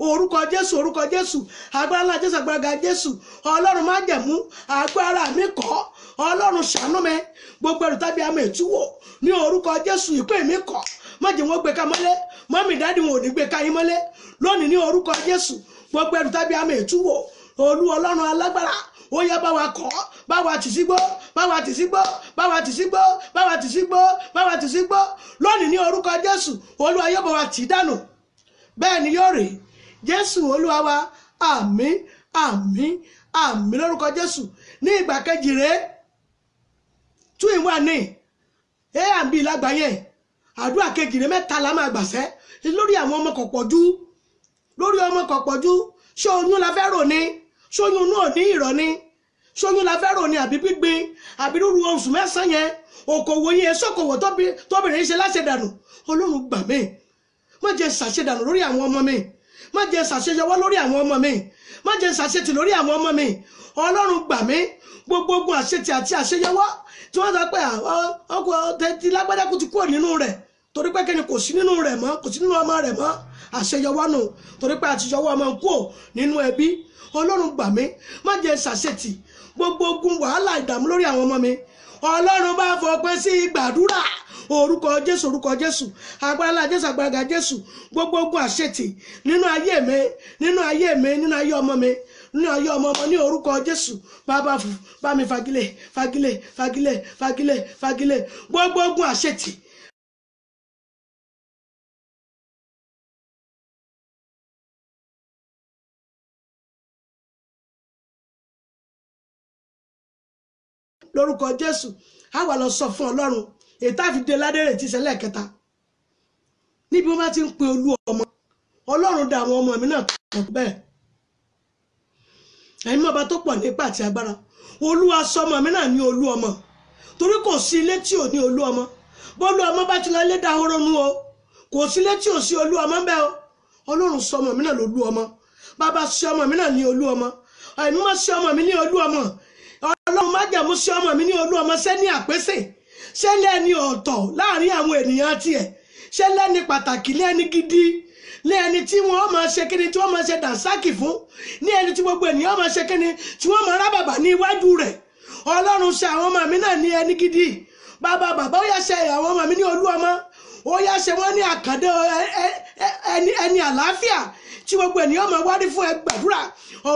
orúkọ jésù orúkọ jésù agbára ńlá jésù agbára jésù ọlọ́run má jẹ̀mú agbára mi kọ́ ọlọ́run ṣàánú mi gbogbo ẹrù tàbí àmì ìtúwò ní orúkọ jésù ìpè mi kọ́ má jẹ́ wọ́n gbé ká mọ́lé mọ́mì dáàdì wọn ò ní gbé ká yín mọ́lé lónìí ní orúkọ jésù gbogbo ẹrù tàbí àmì ìtúwò olú ọlọ́run alágbára ó yẹ bá wa kọ́ bá wa tì sígbó bá wa tì sígbó bá wa tì sígbó bá wa tì sígbó bá wa tì sígbó lónìí ní orúkọ jésù olú ayé bá wa tì dànù bẹ́ẹ̀ ni yóò rèé jésù olúwa wa àmín àmín àmín lórúkọ jésù ní ìgbà kejì rèé two in one ní a&b lágbàáyé àdúrà kejì rèé mẹ́ta la máa gbàṣẹ́ lórí àwọn ọmọ kọ̀pọ̀jú lórí ọmọ kọ̀pọ̀jú ṣé oyún la fẹ́ rò ni ṣé oyún náà ní ìrọ̀ ni ṣé oyún la fẹ́ rò ni àbí gbígbin àbí rúru oṣù mẹ́sàn-án yẹn okòwò yẹn sókòwò tóbìnrin ṣe láṣẹdànù ọlọ́run gbà mí má jẹ́ ṣàṣedànù lórí àwọn ọmọ mi má jẹ́ ṣàṣeyọwọ́ lórí àwọn ọmọ mi má jẹ́ ṣàṣetì lórí àwọn ọmọ mi ọlọ́run gbà mí gbogbo ogun àṣetì àti àṣeyọwọ́ tí wọ́n sọ pé ọkọ̀ tẹ̀tí lágbádá kò ti kúrò nínú rẹ̀ torí pé kẹ́ni kò sí nínú rẹ̀ mọ́ kò sí nínú ọmọ rẹ̀ mọ́ àṣeyọwọ́ nù torí pé àtijọ́wọ́ ọmọ kú ò nínú ẹbí ọlọ́run gbà mí má jẹ́ ṣàṣetì gbogbo ogun wàhálà ìdààmú lórí àwọn ọmọ mi ọlọ́run bá fọpẹ́ sí gbàdúrà orúkọ jésù orúkọ jésù agbára jésù agbára jésù gbogbo ogun àṣetì nínú ayé mi nínú ayé mi nínú ayé ọmọ mi ní ayé ọmọ ọmọ ní orúkọ jésù bàbá bá mi fagilé fagilé fagilé Èta àfidé ládèrè ti ṣẹlẹ̀ kẹta níbi bá ti ń pin olú ọmọ ọlọ́run dá àwọn ọmọ mi náà kọ̀ bẹ́ẹ̀ ẹ̀yin mọba tó pọ̀ nípa àti agbára olúwa ọmọ mi náà ní olú ọmọ torí kò sí ilé tí ní olú ọmọ bọ́lú ọmọ bá ti nu o kò sí ilé tí sí olú ọmọ bẹ́ẹ̀ ọlọ́run ọmọ mi náà ní olú ọmọ ẹ̀yin ọmọ ṣé lẹ́ni ọ̀tọ̀ láàrin àwọn ènìyàn tiẹ̀ ṣé lẹ́ni pàtàkì lẹ́ni gidi ní ẹni tí wọ́n máa ṣe kíni tí wọ́n máa ṣe dànsákì fún ní ẹni tí gbogbo ènìyàn máa ṣe kíni tí wọ́n máa rábàbà ní iwájú rẹ̀ ọlọ́run ṣe àwọn ọmọ mi náà ní ẹni gidi bàbá bàbá ó yá ṣe àwọn ọmọ mi ní olú ọmọ ó yá ṣe wọ́n ní àkàndé ẹni ẹni àlàáfíà tí gbogbo ènìyàn máa wárí fún ẹ gbàdúrà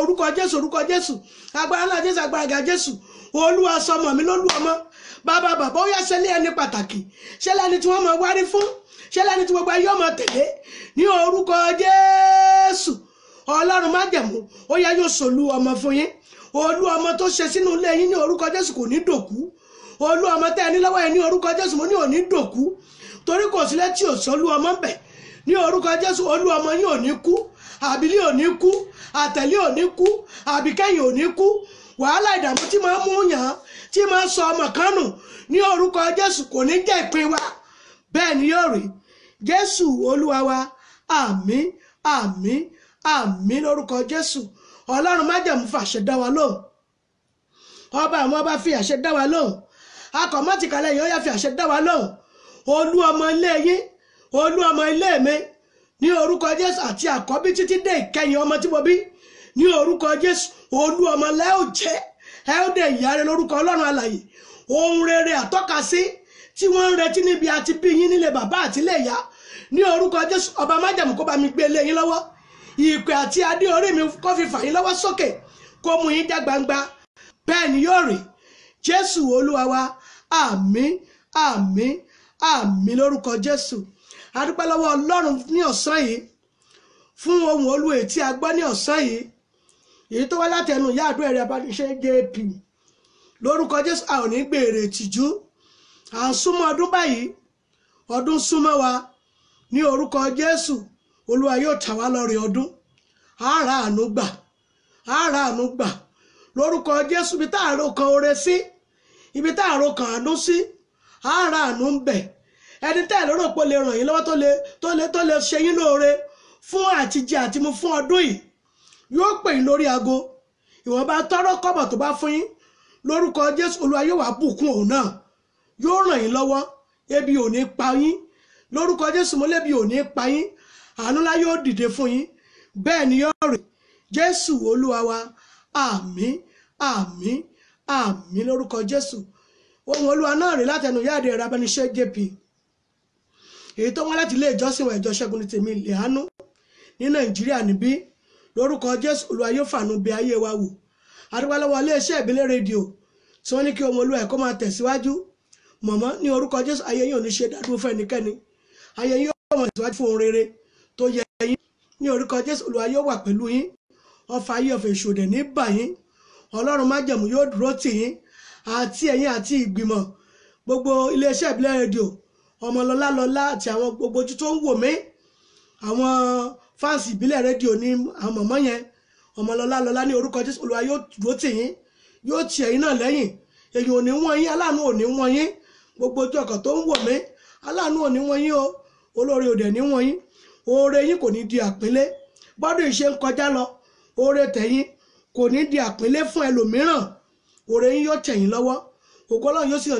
orúkọ jésù orúkọ jésù agbára ńlá jésù agbára ga jésù olúwa sọmọ mi lólú ọmọ bàbá bàbá ó yá ṣẹlẹ̀ ẹni pàtàkì ṣẹlẹ̀ ẹni tí wọ́n máa wárí fún ṣẹlẹ̀ ẹni tí gbogbo ayé ọmọ tẹ̀lé ní orúkọ Jésù Ọlọ́run májẹ̀mú ó yá yóò ṣòlu ọmọ fún yín olú ọmọ tó ṣe sínú ilé yín ní orúkọ Jésù kò ní dòkú olú ọmọ tẹ́ ẹ ní lọ́wọ́ ẹ ní orúkọ Jésù mo ní ò ní dòkú torí kò sílẹ̀ tí ò sọ́lú ọmọ bẹ̀ ní orúkọ Jésù olú ọmọ yín ò ní kú àbílí ò ní kú àtẹ̀lé ò ní kú àbíkẹ́yìn ò ní kú wàhálà ìdààmú tí máa mú yàn án tí máa sọ ọmọ kan nù ní orúkọ jésù kò ní jẹ́ ìpín wa bẹ́ẹ̀ ni yóò rí jésù olúwa wa àmín àmín àmín lórúkọ jésù ọlọ́run májẹ̀mú fàṣẹ dá wa lóhùn ọba àwọn ọba fi àṣẹ dá wa lóhùn akọ̀mọ́tìkàlẹ̀ yìí ó yá fi àṣẹ dá wa lóhùn olú ọmọ ilé yín olú ọmọ ilé mi ní orúkọ jésù àti àkọ́bí títí dé ìkẹyìn ọmọ tí mo bí ní orúkọ jésù olú ọmọ lẹ́ jẹ́ elder ìyáre lórúkọ ọlọ́run alàyè ohun rere àtọ́kasí tí wọ́n ń retí níbi àti bí yín nílé bàbá àtìlẹ̀ ìyá ní orúkọ jésù ọba májàmú kó bá mi gbé lé yín lọ́wọ́ ìpè àti adé orí mi kó fi fà yín lọ́wọ́ sókè kó mú yín dá gbangba bẹ́ẹ̀ ni yóò rí jésù olúwa wa àmín àmín lórúkọ jésù adúpẹ́ lọ́wọ́ ọlọ́run ní ọ̀sán yìí fún ohun olú ètí agbọ́ ní ọ̀sán yìí èyí tó wá látẹnu ìyá àdúrà ẹ̀rẹ́ abániṣẹ́ jp lórúkọ jésù a ò ní gbèrè tìjú à ń súnmọ́ ọdún báyìí ọdún súnmọ́ wa ní orúkọ jésù olúwa yóò tà wá lọ́rẹ ọdún ara àánú gbà ara àánú gbà lórúkọ jésù ibi tá àrò kan oore sí ibi tá àrò kan àánú sí ara àánú ń bẹ ẹni tẹ́ ẹ̀ lérò lè ràn yín lọ́wọ́ tó lè tó lè tó lè ṣe yín lóore fún àtijẹ àtimu fún ọdún yìí yóò pè yín lórí aago ìwọ̀n bá tọ́rọ́ kọ́bọ̀ tó bá fún yín lórúkọ jésù olúwa yóò wá bùkún òun náà yóò ràn yín lọ́wọ́ ebi ò ní pa yín lórúkọ jésù mọ́lẹ́bi ò ní pa yín àánú ńlá yóò dìde fún yín bẹ́ẹ̀ ni yóò rè jésù olúwa wa àmín àmín àmín lórúkọ jésù ohun olúwa náà rè látẹnu yáàdé ẹ̀rọ abániṣẹ́ jp èyí tó wọ́n láti ilé ìjọsìn wa ìjọ ṣẹ́gun ní tèmi lẹ́hánú ní nàìjíríà níbí lórúkọ jésù olúwa yóò fàánú bí ayé wa wò adúgbàlọ́wọ́ iléeṣẹ́ ìbílẹ̀ rédíò tí wọ́n ní kí ọmọ olúwa ẹ̀kọ́ máa tẹ̀síwájú mọ̀mọ́ ní orúkọ jésù ayé yín ò ní ṣe dádúró fún ẹnikẹ́ni ayé yín yóò mọ̀ tẹ̀síwájú fún ohun rere tó yẹ yín ní orúkọ jésù olúwa yóò wà pẹ̀lú yín ọfà ayé ọ̀fẹ́ ìṣòdẹ̀ ní bà yín ọlọ́run májẹ̀mú yóò dúró tì yín àti ẹ̀yin àti ìgbìmọ̀ gbogbo iléeṣẹ́ ìbílẹ̀ rédíò ọmọlọ́lá lọ́lá àti àwọn gbogbo ojú tó ń wò mí àwọn fans ìbílẹ̀ rédíò ní àwọn mọ̀mọ́ yẹn ọmọlọ́lá ní orúkọ jésù olúwa yóò dúró tì yín yóò tì ẹ̀yin náà lẹ́yìn èyí ò ní wọ́n yín aláàánú ò ní wọ́n yín gbogbo ojú ọkọ̀ tó ń wò mí aláàánú ò ní wọ́n yín o olóore ò ní wọ́n yín oore yín kò ní di bọ́dún ìṣe ń lọ oore tẹ̀yìn kò ní di àpínlé fún ẹlòmíràn oore yín yóò tẹ̀yìn lọ́wọ́ yóò sì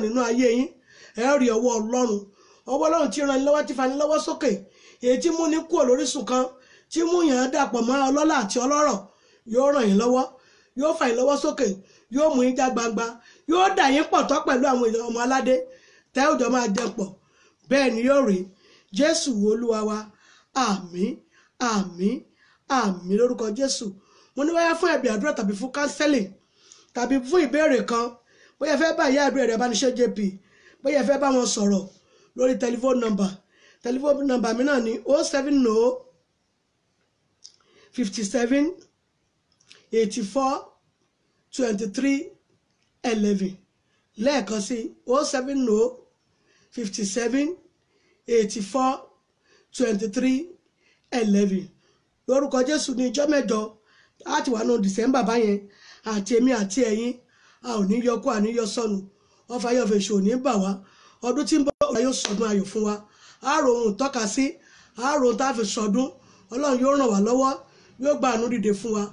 hàn nínú tí mú yàn dàpọ̀ mọ́ra ọlọ́lá àti ọlọ́rọ̀ yóò ràn yín lọ́wọ́ yóò fà yín lọ́wọ́ sókè yóò mú yín já gbangba yóò dà yín pọ̀ tọ́ pẹ̀lú àwọn èèyàn ọmọ aládé tẹ́ òjò máa jẹ pọ̀ bẹ́ẹ̀ ni yóò rí jésù olúwa wa àmín àmín àmín lórúkọ jésù mo ní wáyà fún ẹ̀bì àdúrà tàbí fún kánsẹ́lì tàbí fún ìbéèrè kan bóyá fẹ́ bá ìyá àdúrà rẹ̀ bá ní jp bóyá fẹ́ bá wọn sọ̀rọ̀ lórí tẹlifóònù nọ́mbà tẹlifóònù nọ́mbà mi náà ní 070 fifty-seven eighty-four twenty-three eleven lẹ́ẹ̀kan sí o oh seven o oh, fifty-seven eighty-four twenty-three eleven lórúkọ Jésù ní ìjọ mẹ́jọ láti wà nù December báyẹn àti èmi àti ẹ̀yin a ò ní yọkú àní yọ sọnù ọfà yọfẹ ṣò ní bà wá ọdún tí ń bọ̀ ọ̀la yóò sọdún ayọ̀ fún wa àárò ohun tọ́ka sí àárò ohun tá a fi sọdún Ọlọ́run yóò ràn wá lọ́wọ́ yóò gba àánú dìde fún wa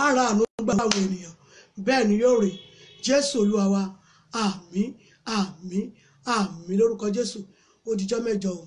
á ra àánú gbà àwọn ènìyàn bẹ́ẹ̀ ni yóò rí jésù olúwa wa àmín àmín àmín lórúkọ jésù ó dijọ́ mẹ́jọ o.